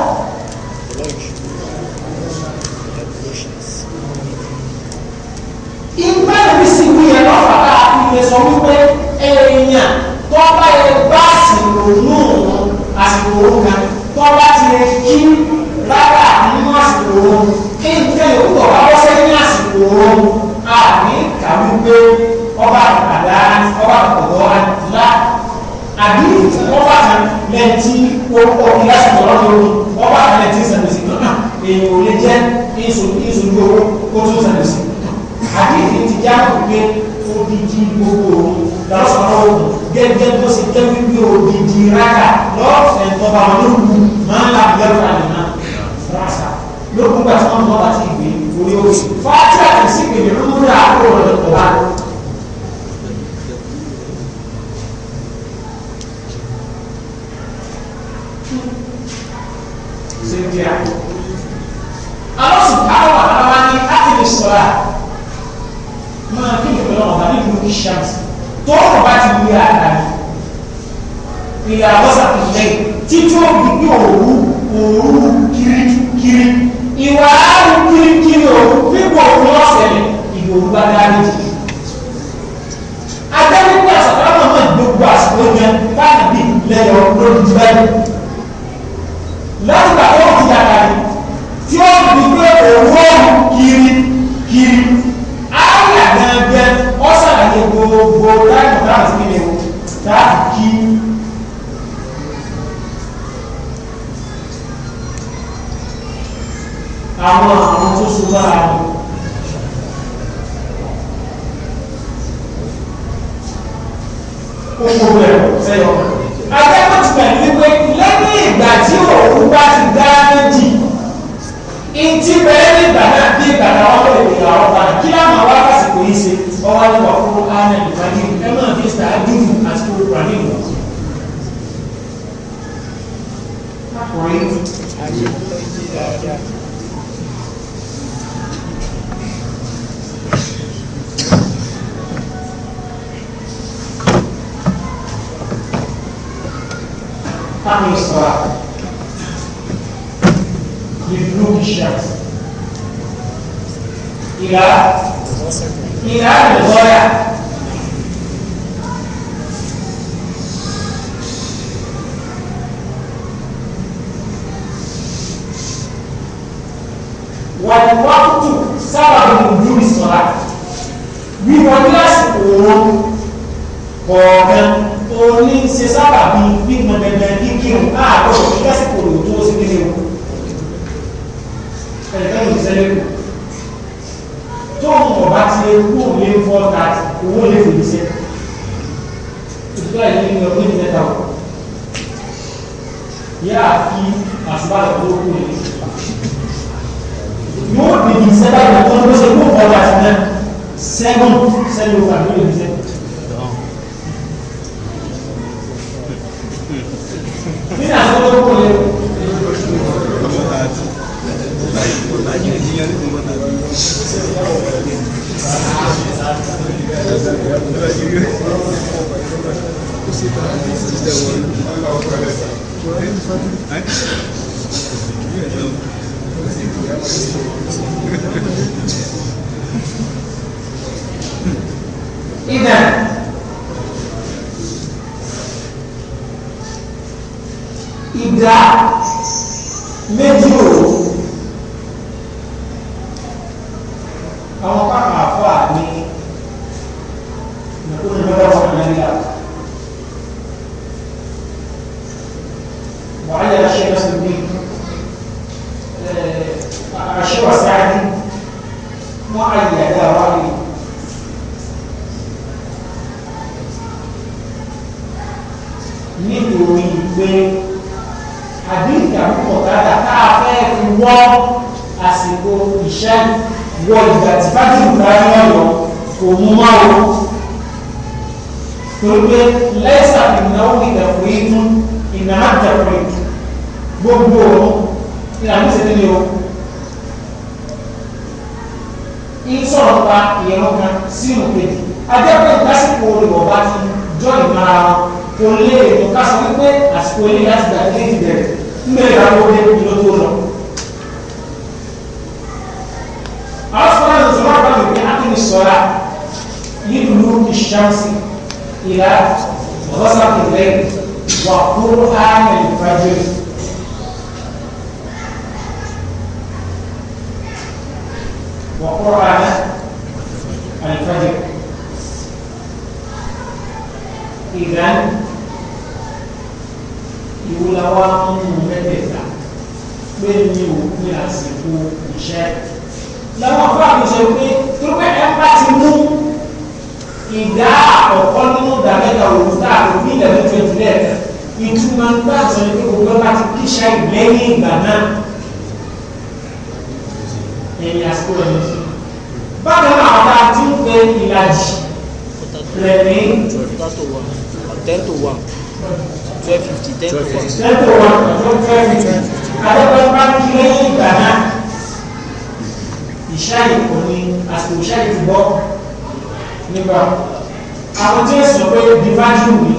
[SPEAKER 1] lè sọ wípé èèyàn tó bá yẹ bá àsìkò nù àsìkò òun kan tó bá ti lè kí rárá nínú àsìkò òun kí n fẹ́ òkúkọ̀ wá wọ́sẹ́ ní àsìkò òun a ní kàwé pé ọba àdá ọba àkọ́kọ́ àdá àbí wọ́n bá kan lẹ́tí ọkùnrin lásìkò ọlọ́dún wọ́n bá sàmìsì náà èèyàn ò lè jẹ́ ìṣòro owó kó tún sàmìsì àbí ìdíjà kò odidi gbogbo lọ́sọ̀rọ̀ òun gẹ́gẹ́ bó ṣe kẹ́wí bí odidi rárá lọ́ọ̀fẹ́ tọba olóògùn máa ń là bẹ́ẹ̀rù àná rásá lókun gbà tí wọ́n mọ́ láti ìwé orí
[SPEAKER 2] òkè fáájú àti sígbè ní rúmúrà àkóró rẹ̀ pọ̀ wá. Alọ́sùn káwọ̀ àwọn wa ní láti lè sọ̀rọ̀ máa
[SPEAKER 1] kí ìjọba náà ọba nínú ìṣàmùsì tó ọ̀rọ̀ bá ti wúlé àdáyé ìyá àwọ́sà kò lẹ́yìn títí ó bí ní òru òru kirikiri ìwà àrùn kirikiri òru pípọ̀ òru ọ̀sẹ̀lẹ̀
[SPEAKER 2] ìlú òru bá dáa lójú.
[SPEAKER 1] adájọ́ àṣàkọ́ àwọn ọmọ ìgbógun àṣàkọ́ yẹn báyìí bí lẹ́yọ̀ lórí ti báyìí. láti gbàgbọ́ òkúta kan tí ó bí pé òru ọ̀rùn kiri. gbogbo láìpù láti kí ni o láti kí
[SPEAKER 2] àwọn àwọn tó so lára wọn. Owó rẹ̀ sẹ́yọ̀.
[SPEAKER 1] Akẹ́kọ̀ọ́ ti gbà ní pé lẹ́yìn ìgbà tí òun bá ti dá
[SPEAKER 2] méjì, ìtì bẹ́ẹ̀ ní ìgbà náà bí ìgbà náà wọ́n lè gbìyànjú àwọn ọ̀gá kí láwọn wá fásitì
[SPEAKER 1] yìí ṣe ọwọ́ ni wà fún ánà ìpàdé ẹ máa fi sàájúfù àti kòkòrò ìwọ̀ ọkùnrin Pàmì ìsọ̀rọ̀ ìlú ìṣẹ́ ìlà ìhà ìwọ́yà. wàlúwàkùtù sábà lùdú ìsọ̀ra wíwọlé àsìkò oorun kọ̀ọ̀kan oní ṣe sábà bí gbígbọn dandan kíkírun káàkó ìdásìkò lòdú
[SPEAKER 2] ó sì kéde wọn.
[SPEAKER 1] ẹ̀ka ìṣẹ́lẹ̀ kù tóun ọba ti lè kú òun lé fọ́ tààtì owó lè fi ṣe ìtura ìlú ìlú ọdún ìlú mẹ́ta o yá kí àṣùbàlọ̀ tó kú ni yóò dèbí sẹ́dá ìlú tó ń gbé ṣe kó ọ̀dà sí náà sẹ́gun sẹ́gun òfà lè fi ṣe. Né? ida, Idá Medjugorje الفجر إذا ìwúlá wa nínú mẹ́tẹ̀ẹ̀ta pé mi ò ní àsìkò ìṣẹ́ lọ́wọ́ fún àfihàn pé torípé ẹ̀ka ti mú ìdá àkọ́kọ́ nínú ìdá un òun tá a lò ní ìdá mẹ́ta twenty lẹ́ẹ̀ta ìtumọ̀ nígbà tó ń pé gbogbo bá ti kíṣà lẹ́yìn ìgbà náà ẹ̀yìn àsìkò rẹ̀ lọ́sí. bákan àwọn àti ń fẹ́ ìlàjì rẹ̀ ní. twelve fifty to one. ten to one twelve fifty. adébọ̀n bá kí lẹ́yìn ìgbà náà ìṣáyè kò ní àsìkò ìṣáyè ti bọ́ nípa àwọn tí ó sọ pé bí mi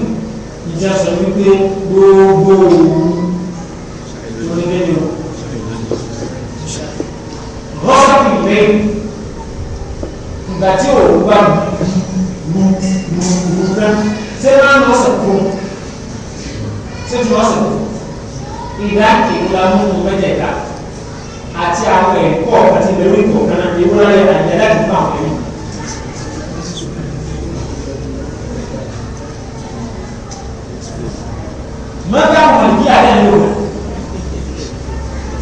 [SPEAKER 1] ìjọ wípé
[SPEAKER 2] gbogbo òru.
[SPEAKER 1] ìgbà tí òun bá lùlù náà ṣé máa ń lọ sọ̀kún ṣé tí wọ́n sọ̀kún ìdá kìlá múnú mẹ́tẹ̀ẹ̀ta àti àwọn ẹ̀kọ́ àti ìbẹ̀rù ìkọ̀ọ̀kan náà ìwúrọ̀ rẹ̀ àti ẹ̀dá kìlá àwọn ẹ̀yìn.
[SPEAKER 2] mọ́tà wọn bí alẹ́ ló wà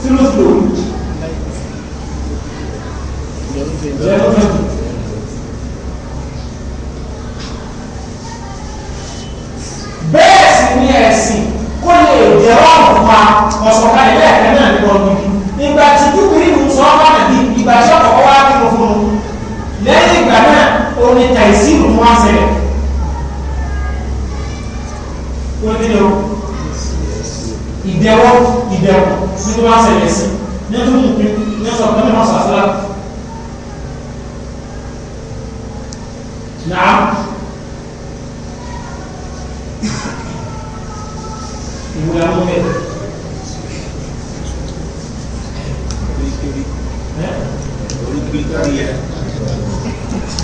[SPEAKER 1] fílùfílù. ọ̀sọ̀kalẹ̀ lẹ́ẹ̀kan náà nìkan gidi ìgbà tí júbìrì ń sọ ọ́ bọ́nà bí ìgbà tí ọkọ̀ wá kí mo fún un lẹ́yìn ìgbà náà orin tàìsí ló wá sẹ́lẹ̀
[SPEAKER 2] onílò ìdẹ́wọ́ ìdẹ́wọ́ nínú wá sẹ́lẹ̀ sí
[SPEAKER 1] nínú mùkú nínú ọ̀pọ̀ nínú ọ̀sán sílá náà ìwúlẹ̀ mú díẹ̀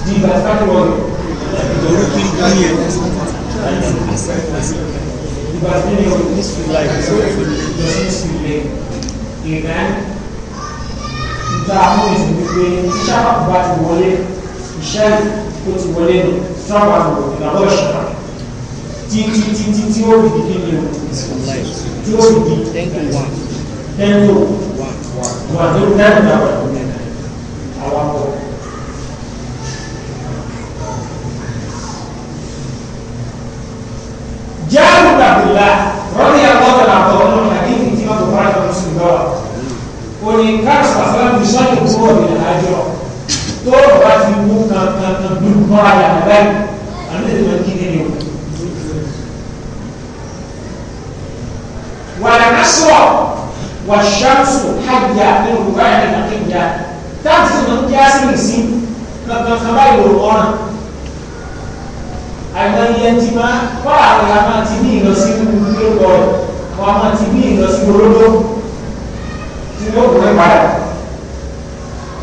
[SPEAKER 1] Di bá sáwọn ìdòrú kí díẹ̀ ìgbà tí ní ọdún ìsúlẹ̀ ìsúlẹ̀ ìrìn ìta àwọn ìsìnkú pé iṣẹ́ àpapọ̀ bá ti wọlé iṣẹ́ tó ti wọlé nù sáwọn àwọn ìgbàgbọ́ ìṣẹ̀lá tí tí tí tí tí ó fi kí ni tí ó fi kí ten to one ten to one
[SPEAKER 2] one tó dáadáa
[SPEAKER 1] ọ̀la rọ́lì àgbọ̀tọ̀ àbọ̀ ọ̀nà àdéhùn tí wọ́n kò kọ́ra tó sùn lọ́wọ́ òní káàsì àfẹ́lẹ́mù sọ́yìn kúrò ní àjọ tó bá ti mú kankan dùn mọ́ra yàrá báyìí àná ètò ìkí nínú.
[SPEAKER 2] wàlẹ̀ asọ̀ wà ṣàǹsù hàjà nínú báyìí
[SPEAKER 1] nàkéjà táàtì tó máa ń jásí nìsín kankan kan báyìí lò ọ̀ràn àìmọye ti máa kọ́ àwọn a máa ti ní ìlọsí lórúkọ wọn a máa ti ní ìlọsí olódó tí wọ́n kò rẹ̀ padà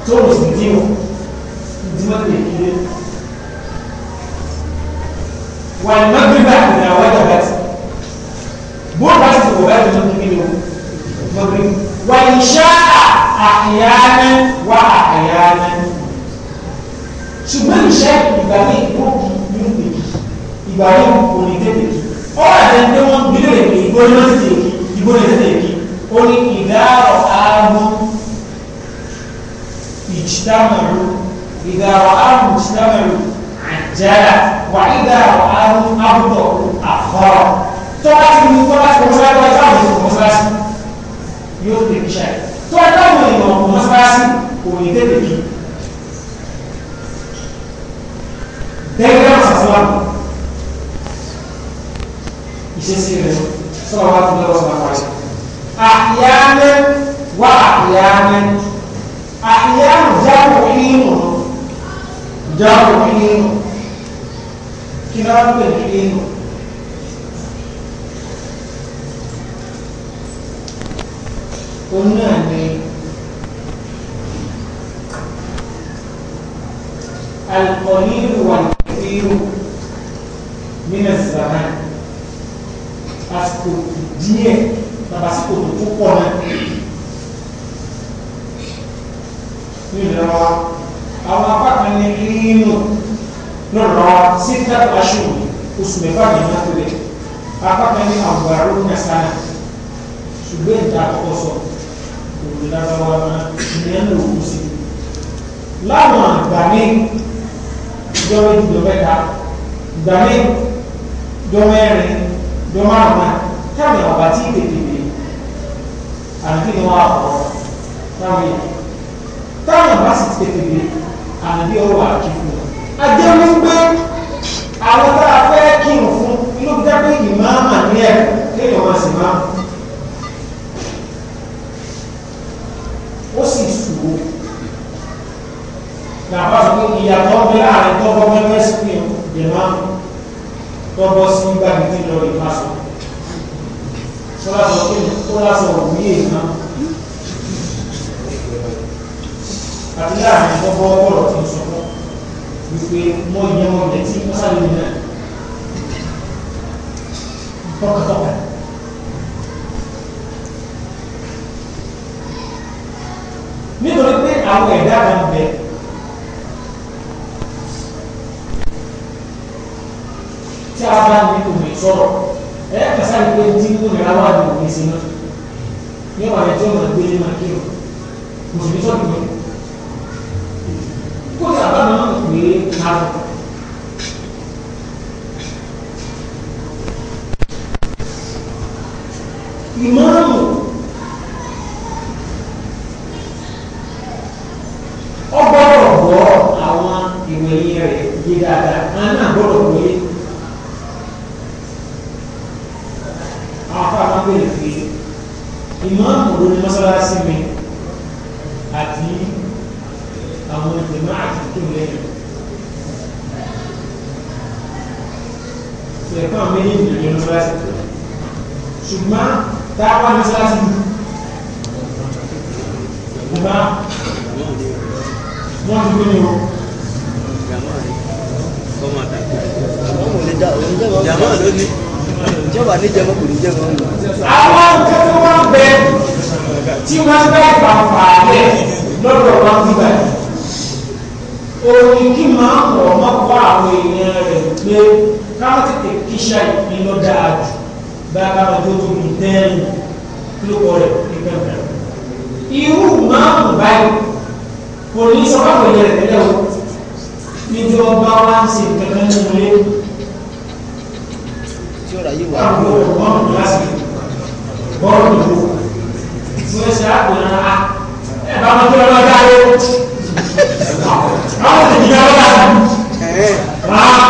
[SPEAKER 1] tó lò sí díwọ̀ ìdíwọ́ lè kéré wà ní mọ́gbẹ́gbà ní àwọn ìjọba ti bóun bá ti wò bá ti tọ́jú nínú mọ́gbẹ́ wà ní ṣáà
[SPEAKER 2] àyáná wà àyáná
[SPEAKER 1] ṣùgbọ́n ìṣẹ́ ìgbà ní ìgbà yóò kò ní tètè kí ó wà jẹ́ pé wọ́n gbé lè kí ìgbó ló tètè kí ìgbó lè tètè kí ó ní ìdárọ̀ ààbò ìjìdámọ̀lú ìdárọ̀ ààbò ìjìdámọ̀lú àjára wà ìdárọ̀ ààbò àbúdọ̀ àfọ́rọ̀ tó bá ti mú tó bá ti mú sáré wájú àwọn ìṣòro mọ́sálásí yóò tètè kí ṣáà tó bá táwọn ìmọ̀ mọ́sálásí kò ní tètè kí. Thank you. صلوات الله وسلامه عليه أحيانا وأحيانا أحيانا جار حين جار حين كلام الحين قلنا أن القليل والكثير من الزمان àsìkò díẹ̀ tàbí àsìkò tó tó pọ̀ náà ní ìlera wa àwọn apá kan ní nínú lọ́rọ̀ sí tẹ́lẹ̀ aṣọ oṣù mẹ́fà ní ìlú àtúlẹ̀ apá kan ní àgbàrú nàṣánà ṣùgbọ́n ìta àkọ́kọ́ sọ òun lára wa máa ní ẹ̀ ń lò ó láwọn àgbà ní ìjọba ìjọba ìta ìgbà ní ìjọba ẹ̀rin dọ́mà àgbà táwọn èèyàn bá tí ì tètè dé àlùkí ni wọ́n á kọ́ táwọn èèyàn táwọn èèyàn bá sì ti tètè dé àlùkí ọwọ́ àti fún wọn. ajé mi ń gbé àwọn tá a fẹ́ kírun fún inú bí dábìlì ìmáàmà ní ẹ̀ kéèyàn máa sì máa ó sì ṣùgbọ́ làbá sọ pé ìyàtọ̀ ń bẹ láàrin tọ́gbọ́n mẹ́fẹ́ sí ìyẹn jẹ̀máàmù tọ́bọ́ sí gbàgbé tí lọ rìn fásọ sọ́lásọ pé ó lásọ òwú yé nǹkan àti láàrin tọ́bọ́ ọ̀rọ̀ tí ń sọpọ́ wípé mọ́ ìyẹn wọn bẹ̀ tí wọ́n sáré nìyẹn tọ́kàtọ́kà nítorí pé àwọn ẹ̀dá kan bẹ̀rẹ̀ tí a bá ní òun sọ̀rọ̀ ẹ kàṣà ní pé tí kò nira wà ní òun ṣe náà ní wàá ẹjọ́ máa gbé ní màkì o kò sì ní sọ̀rọ̀ mi kó tí a bá máa ń pè é kárọ̀. ìmọ̀ràn ọgbọ́dọ̀ gbọ́ àwọn ìwé yẹn rẹ̀ yé dáadáa àwọn náà gbọ́dọ̀ gbọ́ mọ́sálásí mi àti àwọn ìgbìmọ̀ àtúntò lẹ́yìn. Ṣèkọ́ mi ní ìdílé mọ́sálásí. Ṣùgbọ́n táwọn mọ́sálásí fáwọn èèyàn rẹ̀ tẹ́lẹ̀ o níjọ bá wá ń ṣe nǹkan kan nínú ilé àwọn ọ̀pọ̀lọpọ̀ lásìkò
[SPEAKER 2] bọ́ọ̀lù ló fún ẹsẹ̀ àgbọ̀nà a ẹ̀ bá wọn
[SPEAKER 1] tó lọ́wọ́ dá ah, lé báwọn ti dìgbà lọ́wọ́ dá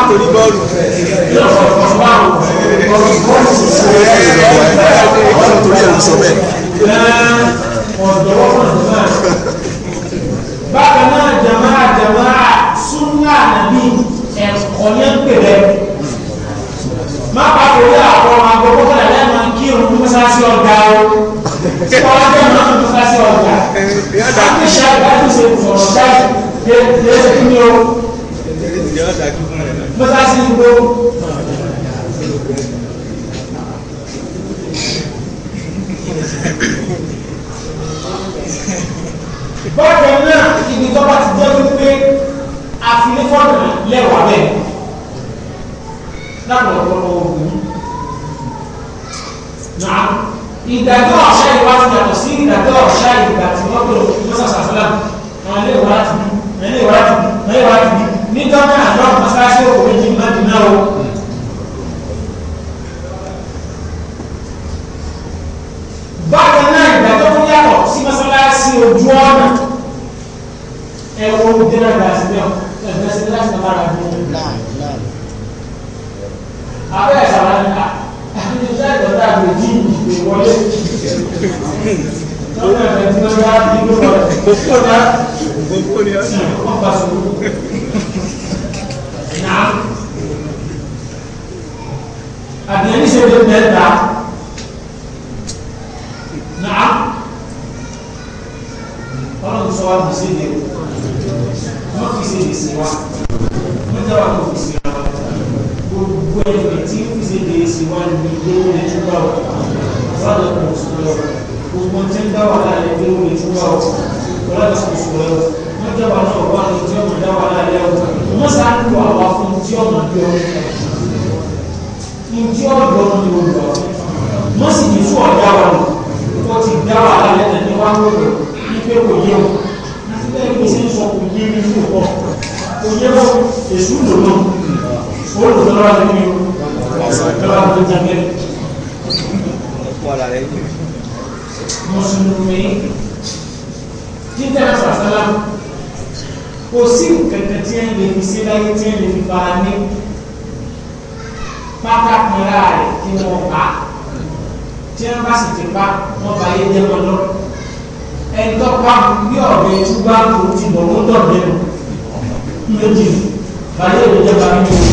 [SPEAKER 1] lé bọ́ọ̀lù fẹ́ yóò fọ ìfọ̀sọ́fọ́ àwọn bọ́ọ̀lù
[SPEAKER 2] fẹ́ ọ̀dọ́ wọn. ọ̀tọ̀ ní ẹ̀pẹ̀ rẹ̀ má bàa torí àwọn ọmọ agbọ́gbọ́ fẹ́lẹ̀ lẹ́yìn máa ń kí irun tó sá sí ọ̀gá o tí wọ́n á jẹ́ máa tó sá sí ọ̀gá àti ṣe àgbájú ṣe sọ̀rọ̀ jáde yé ṣe kí ni o mo sá sí ìgbó.
[SPEAKER 1] bọ́ọ̀dù náà ibi tó bá ti jẹ́ wípé àfinífọ́nà lẹ́wà bẹ́ẹ̀ láwọn ọ̀pọ̀lọpọ̀ ògùn náà ìdájọ́ ọ̀ṣá ìwà ti yàtọ̀ sí ìdájọ́ ọ̀ṣá ìgbà tí wọ́n tó mọ́sàsàsílà wọn lè wá ti bí wọn lè wá ti bí wọn lè wá ti bí nígbà náà àjọ mọ́sàsí òkú méjì má ojú ọ̀nà ẹ̀wọ̀n dínà gbàsílẹ̀ ẹ̀fẹ̀ sílẹ̀ bí
[SPEAKER 2] abẹ́ ẹ̀ sàrà ní ká ní iṣẹ́ ìjọba àti ìdí ìdè wọlé lórí ẹ̀fẹ̀ tí wọ́n bá ti ló lọ kókó ni
[SPEAKER 1] á kókó ni á sì wọ́n bá sọ wọ́n. Nàá àbíyẹn ní sèé mẹ́ta nàá ọlọ́run sọ wa kìí ṣe lè wọ́n kìí ṣe lè ṣe wa wọ́n jẹ́ wa kò kìí ṣe gbogbo ẹni tí ó fi ṣe dèèsì wá ní ilé ní túbà ọ̀ fáwọn kò sùn lọ gbogbo tí ń dá wàhálà ní ilé ní túbà ọ̀ ọlọ́dún kò sùn lọ wọ́n jọba náà wà ní tí ọmọ dá wàhálà ní ọ̀tọ̀ wọ́n sá ń lo àwa fún tí ọmọ bí ọ ní tí ọ̀dọ́ ní olùwà wọ́n sì ní fún ọ̀dá wa nù wọ́n ti dá wàhálà lẹ́nà ní wá lóòrò ní pé kò yé wọn àti bẹ́ẹ̀ ni mo ṣe fóònù tó wà nínú ìlú àwọn tó jáde mùsùlùmí jíjẹ́ àṣàṣàlá kò sí kẹ̀kẹ́ tí ẹ̀ lè fi sí láyé tí ẹ̀ lè fi fara ní pátákì rẹ̀ kí wọ́n pa tí wọ́n bá sì ti pa wọ́n bá yé jẹ́ wọn lọ ẹ̀tọ́ pa bí ọ̀bẹ tí wọ́n bá kò ti bọ̀ wọ́n dọ̀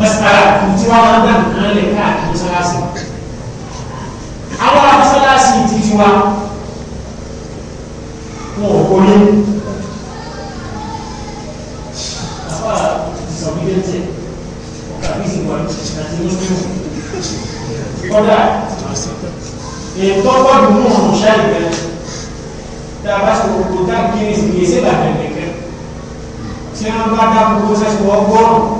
[SPEAKER 2] masara
[SPEAKER 1] tí wọ́n máa ń gbà nǹkan lẹ̀ káàkiri mọ́sálásí àwọn mọ́sálásí ti fi wa wọn ò kórè àfa ìsọ̀bílẹ̀tì
[SPEAKER 2] ọ̀kàbíyèsí wà àti mọ́sálásí kọ́dà ètò gbọ́dọ̀ mú ọ̀nà ṣáàlì bẹ́ẹ̀
[SPEAKER 1] tá a bá ṣe gbogbo tá a kiri ìsìnkì ìṣẹ́lẹ̀ àbẹ̀lẹ̀kẹ́ tí wọ́n bá dá gbogbo sẹ́sùn ọgọ́rùn-ún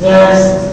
[SPEAKER 2] Yes. Yes.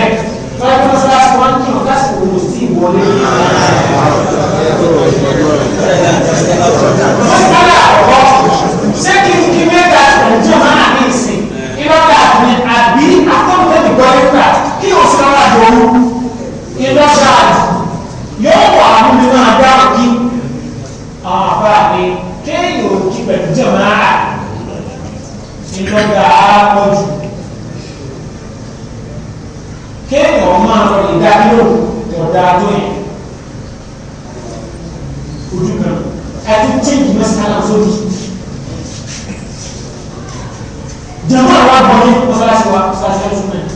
[SPEAKER 1] bẹ́ẹ̀ tọ́lá tí wọ́n sára sí wọn kí wọn káàsì wò sí ìwọlé.
[SPEAKER 2] mọ́sálà ọ̀rọ̀ ṣé kí n kí mẹ́ta ìjọ máa ní ìsìn
[SPEAKER 1] ìrọ̀lá àbí àbí akọ́kọ́ ìgbọ́ nípa kí o sára lòun
[SPEAKER 2] ìlọ́sà yóò wà
[SPEAKER 1] nínú àdá òkì àwọn àbá mi kéèyàn òkì pẹ̀lú jẹ̀ máa ìlọ́gà á pọ̀jù. dájúrò ọ̀dà tó yẹn ojú kan àti chéjì mẹ́sàn-án náà sódì jẹ̀mọ́ àwọn abọ́lé mọ́sálásí wa mọ́sálásí ẹ̀sùn náà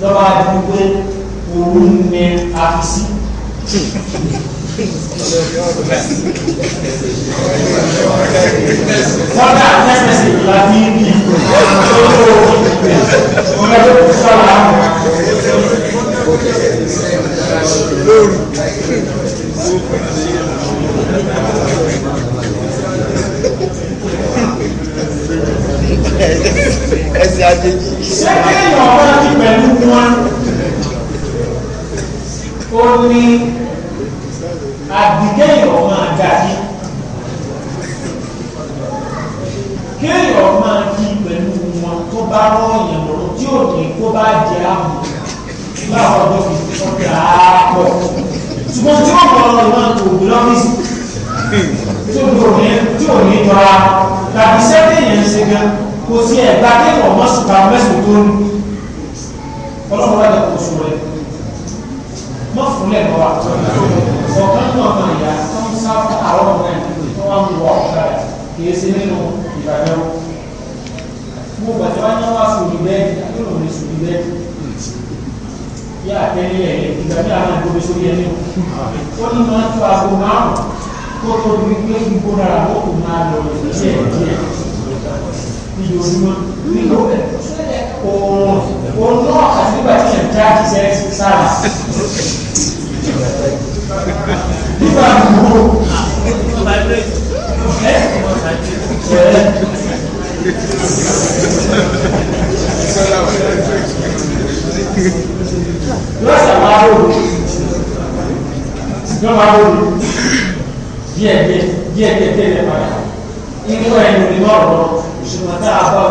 [SPEAKER 1] lọ́ba àdúgbò pé òun ní àfisí Kọ́dà tẹ́sẹ̀sì láti ibi ìgbòho tó ń bọ̀ òun ẹgbẹ́ kò sọ̀rọ̀ àwọn lóru. ẹsẹ̀ àjèjì. ṣé kéèyàn ọba ti pẹ̀lú wọn ó ní àdìgẹ́yìn ọmọ àdáyé kéèyàn máa kí pẹ̀lú wọn tó bá rọ̀yàn lọ́rùn tí ò ní kó bá jẹ àmọ́
[SPEAKER 2] bá àwọn ọgbọ́n fi sọ́kẹ́ àápọ̀ ṣùgbọ́n tí wọ́n
[SPEAKER 1] kọ́ lọ́wọ́ ìwọ̀n tó gbé lọ́fíìsì tó gbé òní tí ò ní tọ́ra tàbí sẹ́tẹ̀ yẹn ń ṣe gan kò sí ẹ̀gbá kí wọ́n mọ̀ sùn tàbí mẹ́sùn tó ń ọlọ́run wà lọ́kọ̀ oṣù rẹ̀ mọ̀ fúnlẹ̀ lọ́wọ́ ọ̀kan náà kan ìyá tó ń sá àwọn ọmọ náà tó wà ń wọ ọ̀kadà kì í ṣe nínú ìbàdàn mo gbàdúrà náà wà sórí bẹ́ẹ̀ yá àtẹ́lẹ̀ ìgbà tí àwọn ìgbòmí sórí ẹni ó ní máa tó aago márùn kó tó ní pé gbogbo dára ó kò máa lọ ìfẹ́ díẹ̀ níbi ojúmọ́
[SPEAKER 2] nínú oòrùn òun náà àti nígbà yóò
[SPEAKER 1] sàmà àròrò yóò máa ròrò díẹ̀ díẹ̀ díẹ̀ díẹ̀ díẹ̀ díẹ̀ padà inú ẹnu ni wọ́n rọ ìṣùnà tá a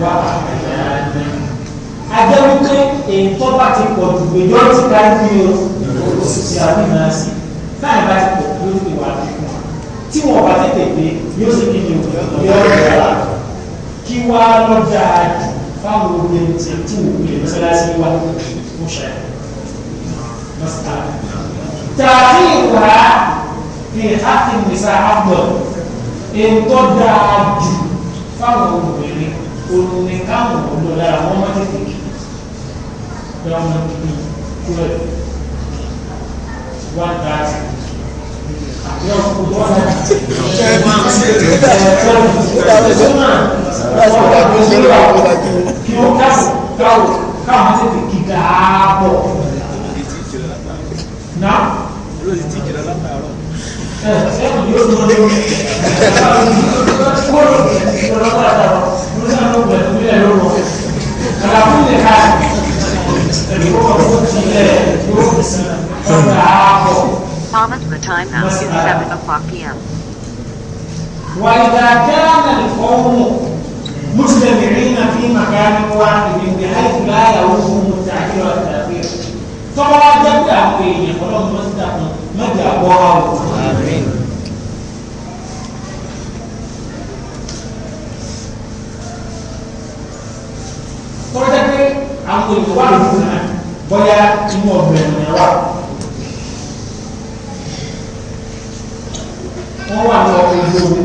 [SPEAKER 1] wà ní adéwúké ètò bá ti pọ̀ jù gbèjọ́ ti ká ní o ìyàwó náà sí táyà bá ti pọ̀ yóò fi wà ní fún wa tí wọn bá tètè dé yóò sì kí ni o yóò rẹ̀ wá kí wá lọ́jà jù fáwọn obìnrin tí tí wò wúlò mọ́sálásí wa ó ṣe mọ́sálásí. tààfin ìwà ni hafi nìsa àgbọ̀ ètò dáa jù fáwọn obìnrin onínìkàwọn olùdarí àwọn ọmọ tètè kí government bill twelve one thousand. Kí wọ́n kásì وإذا كان القوم مجتمعين في مكان واحد بحيث لا يوجهم التأخير والتأخير طبعا جدا فيه يقولون مستقبل
[SPEAKER 2] متى أبواب آمين
[SPEAKER 1] àwọn èèyàn wà lóko náà bóyá inú ọ̀gbìn ènìyàn wà. wọ́n wà ní ọkọ̀ ojú omi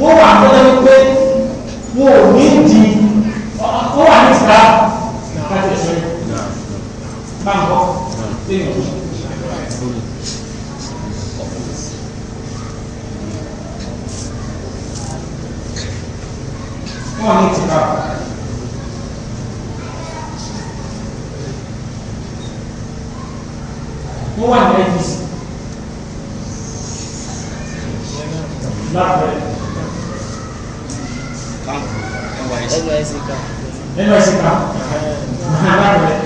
[SPEAKER 1] wọ́n wà lọ́dọ̀ wípé wọn ò ní di wọ́n wà ní ìsirá nípa tí ẹ̀sọ́ yìí máa ń wọ́n ní ìtìkáwọ̀. wọ́n wà ní ẹ̀jì sí láàpẹ̀rẹ̀ NYSC kan
[SPEAKER 2] NYSC kan láàpẹ̀rẹ̀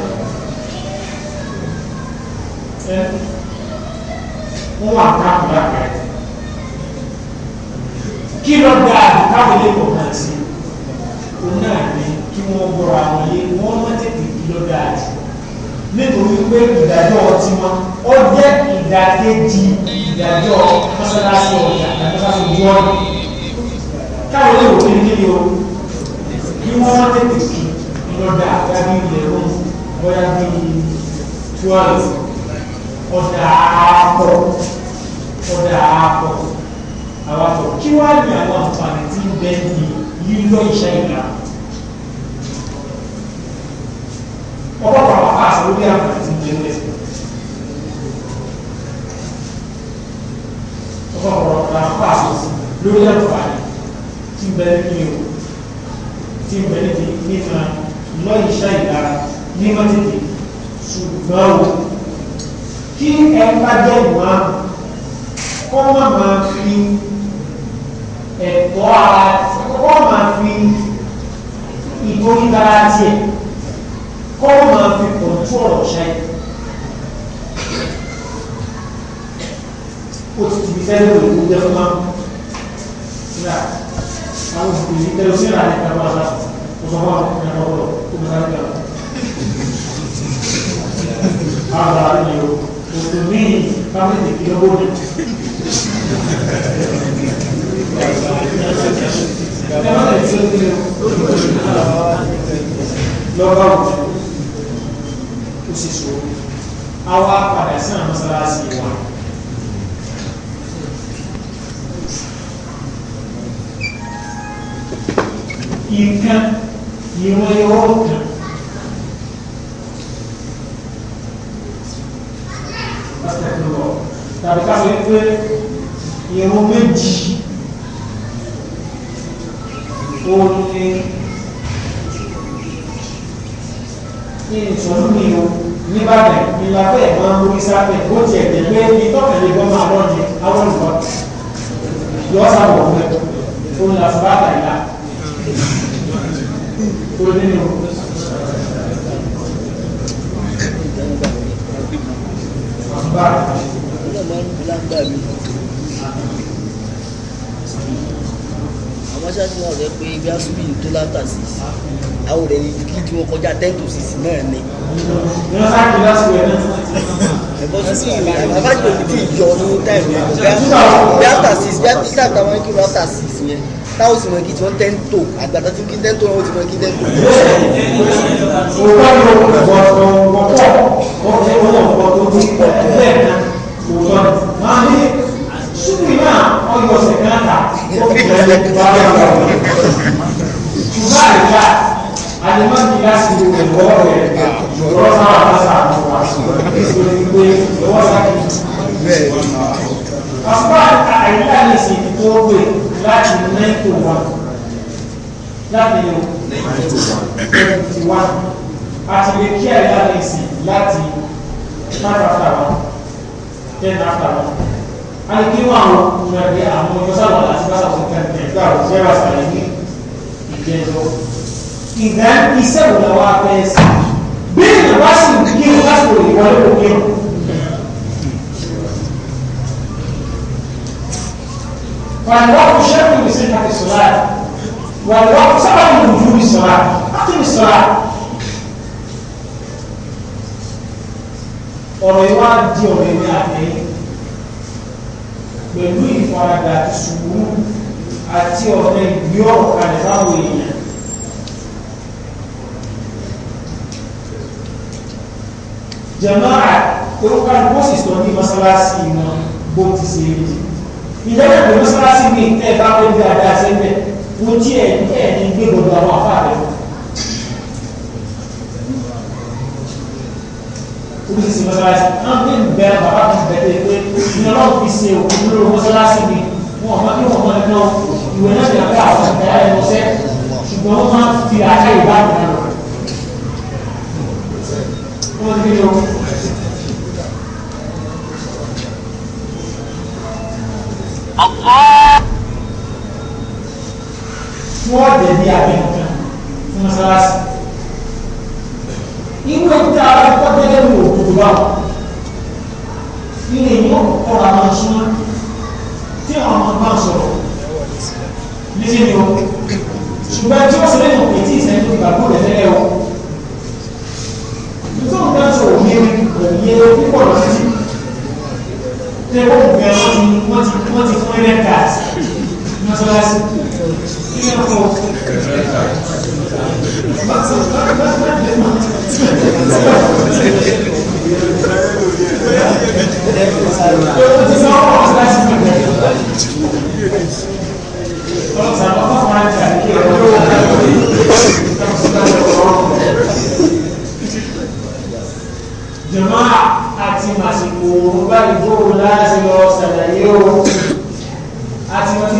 [SPEAKER 1] wọ́n wà káàkiri láàpẹ̀rẹ̀ kí lọ gba àdúgbò ilé kọ̀ọ̀kan sí òun náà ní kí wọ́n gbọ́ra àwọn ilé wọ́n mọ́ kí lọ dáa jù nítorí
[SPEAKER 2] pé ìdájọ́ ọtí wọn ó
[SPEAKER 1] jẹ́ ìdàkejì ìdájọ́ mọ́sálásí ọ̀gá mọ́sálásí ojú ọ̀nà káwọn ilé òkè ní kíni o bí wọ́n tètè kí lọ́dà àgbábí ilẹ̀ rome bóyá bí twelve ọ̀dà àpọ̀ ọ̀dà àpọ̀ àwọn àpọ̀ kí wọ́n á ní àwọn àǹfààní tí ń bẹ́ẹ̀ ní lílọ́ ìṣẹ́ ìlànà ọ̀pọ̀pọ̀ àti lórí àǹfààní ti jẹ́ lẹ̀. ọkọ̀ ọ̀rọ̀ la pàṣẹ sí lórí àǹfààní tí ń bẹ ní o tí ń bẹ níbi nípa lọ́yìn iṣẹ́ ìdára ní mọ́tìkì ṣùgbọ́n o kí kọ́ máa fi pọ̀ tú ọ̀rọ̀ ṣe ó ti ti fi sẹ́lẹ̀ òyìnbó jẹ́ fún máa ra àwọn ìlú tẹ́lẹ̀ sí ìlànà ìpàdé àlá ó sọ fún àwọn ìyàwó ọ̀rọ̀ tó bá sáré gbà. Àgbà ni o, òtún ní fámìlì kí lọ́wọ́ ni.
[SPEAKER 2] Lọ́wọ́ o sì ṣòro
[SPEAKER 1] àwa padà sí àwọn mọ́sálásí wa. nǹkan ìwọ̀n yóò kàn tàbí ká sọ pé irun méjì ó ní ní ìtọ́nú mi o. níbàdàn ìlàfẹ́ máa ń rí sáfẹ́ ó tiẹ̀ jẹ́ pé ìtọ́kẹ̀lẹ́ gbọ́n máa lọ́ọ̀ ní àwọn nǹkan yọ sábọ̀ fún ẹ tó ń tó nínú. Bá mọ́ṣáláṣí náà rẹ pé bí asúbì tó láta sí àwọn rẹ ni kí tí wọ́n kọjá ten to six náà ni.
[SPEAKER 2] ẹ̀bọ́n sí àbájọ òbí tí
[SPEAKER 1] ìjọ ní táìmù yẹn bí after six bí after táwọn kí wọ́n after six yẹn táwọn sì mọ̀ kí tí wọ́n ten to àgbàdo tí kí ten to wọ́n ti mọ̀ kí ten to. òkú àwọn ọmọ ọ̀pọ̀ ọ̀pọ̀ ọ̀pọ̀ tó ń pọ̀ tó ń pọ̀ tó ń pọ̀ tó ń pọ̀ tó ń pọ̀ tó ń pọ̀ tó ń pọ̀ tó ń pọ̀ tó ń pọ̀ tó ń pọ̀ tó ń pọ̀ tó kó lọ sí káńtà
[SPEAKER 2] ó fi lọ bá wọn lọ. ṣùgbọ́n àyíká
[SPEAKER 1] alimọ́tì láti lè wọ ọ̀rọ̀ rẹ̀ lọ́wọ́ sáwà lásà àwọn àṣìṣe pé lọ́wọ́ sáwà
[SPEAKER 2] bẹ́ẹ̀. pàṣípà àyíká
[SPEAKER 1] lè ṣe tó gbé láti nine to one láti yọ nine to one àti lè kí àyíká lè ṣe láti nine after one ten alikiwa àwọn ìrẹ̀lẹ̀ àwọn ọjọ́ sábà láti bá sàwọn kẹ̀kẹ́ gbà ó jẹ́ ràṣà yìí ní ìjẹ́jọ́ ìgbà iṣẹ́ wo la wá fẹ́ sí bí èèyàn bá sì ń kí o lásìkò ìwọlé kò kí o. wàlúwàkù sẹ́kù ní sèta ti sọ̀rọ̀ àti wàlúwàkù sábà ní ojú ní sọ̀rọ̀ àti láti ní sọ̀rọ̀ àti. ọ̀rọ̀ yìí wá di ọ̀rọ̀ ẹ̀mí àtẹ̀yìn pẹ̀lú ìfaradà àti sùúrù àti ọ̀nà ìgbé ọ̀rọ̀ kalẹ̀ báwo èèyàn jàmáà orúkọ àdúgbòsì sọ ní mọ́sálásí wọn bó ti ṣe é di
[SPEAKER 2] ìdájọ́ pé mọ́sálásí mi tẹ́ bá pé bí adá ṣe ń bẹ̀
[SPEAKER 1] wọ́n tí ẹ̀ ní gbé gbogbo àwọn afáàrẹ̀ wọn oríṣiríṣi mọ́sálásí náà ní ìbẹ̀rẹ̀ bàbá kan bẹ̀rẹ̀ pé ìyẹn náà fi ṣe òkúrò mọ́sálásí mi wọn ọmọ kí wọn mọ ẹgbẹ́ o ìwé náà yà não àwọn ìgbà ẹ̀ você ṣùgbọ́n wọ́n máa fi àká ìwà àgbà lọ. wọ́n ti kéde o. wọ́n dẹ̀ bí àbẹ̀ nǹkan fún mọ́sálásí. irú ẹ̀dá akọ́jẹ́lẹ́ ní òkúta wa ilé yóò kọ́ra máa súnmọ́ tí àwọn ọmọ bá sọ̀rọ̀ léṣe ni ọ ṣùgbọ́n tí wọ́n sọ lẹ́yìn òkè tí ìsẹ́yìn tó gbàgbọ́ rẹ̀ tẹ́lẹ̀ ọ nítorí wọn bá sọ̀rọ̀ yé òye púpọ̀ lọ sí tẹ́ wọ́n kò fẹ́ wọ́n ti wọ́n ti fún ẹ̀rẹ́ káàt mọ́sálásí ilé ọkọ̀ jama'a àti màsìkò òun báyìí bóòrò láti lọ ṣàlàyé o àti wọn ti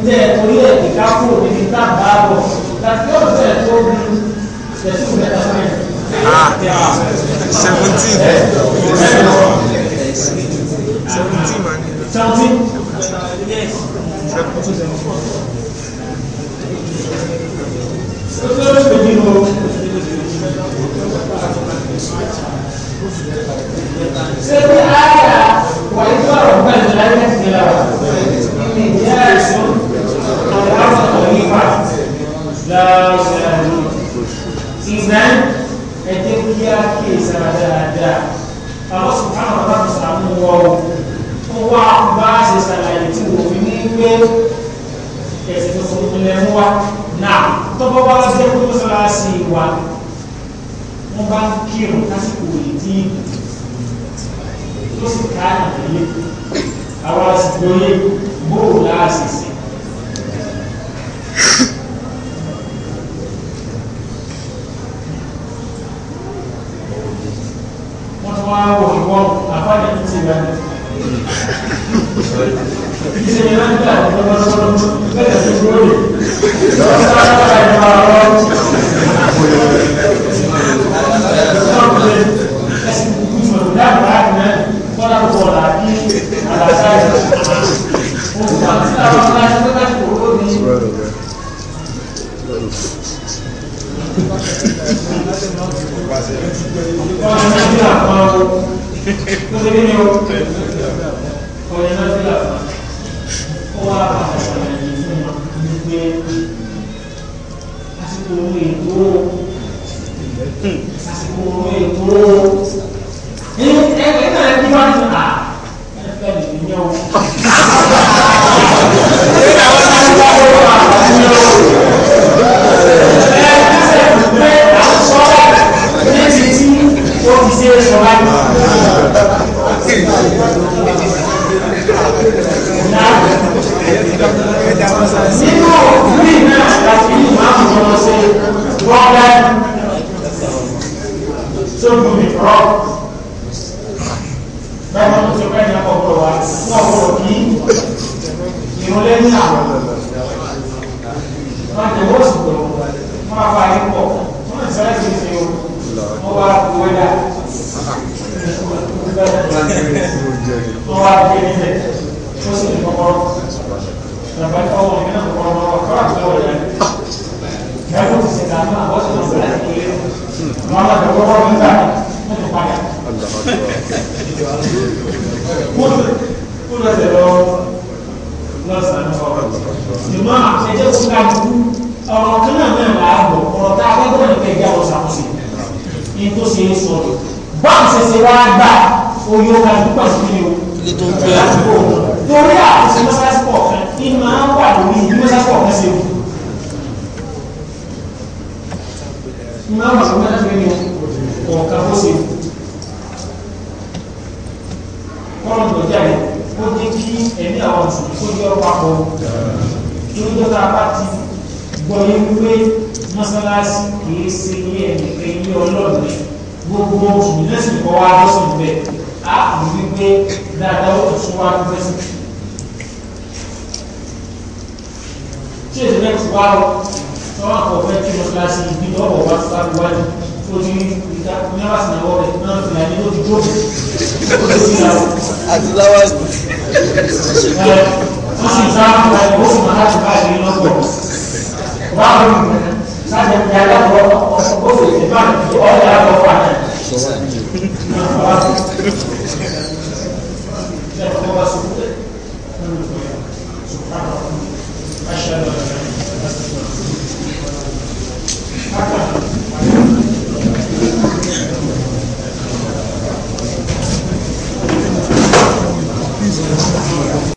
[SPEAKER 1] ǹjẹ́ torí ẹ̀ kí ká kúrò níbi tá a bá bọ̀
[SPEAKER 2] láti yóò fẹ́ tó bí
[SPEAKER 1] tẹ̀sùn mẹ́ta mẹ́rin. seventeen seventeen man.
[SPEAKER 2] seventeen. Sebi aya wa ifá ọ̀gbẹ́ni láyé ti la wa.
[SPEAKER 1] ìlànà ìgbàn ẹ̀jẹ̀ kí á kí ìsara dáadáa àwọn sùpáà bá fi sàmú wọ ó wá bá ṣe ṣàlàyé tí wò fi ní gbé ẹ̀sìn tó fún ilẹ̀ ń wá náà tọ́pọ̀ bá ti dé kó bóòlù láàṣìṣe while kòrò èkóró ní ẹgbẹ́ náà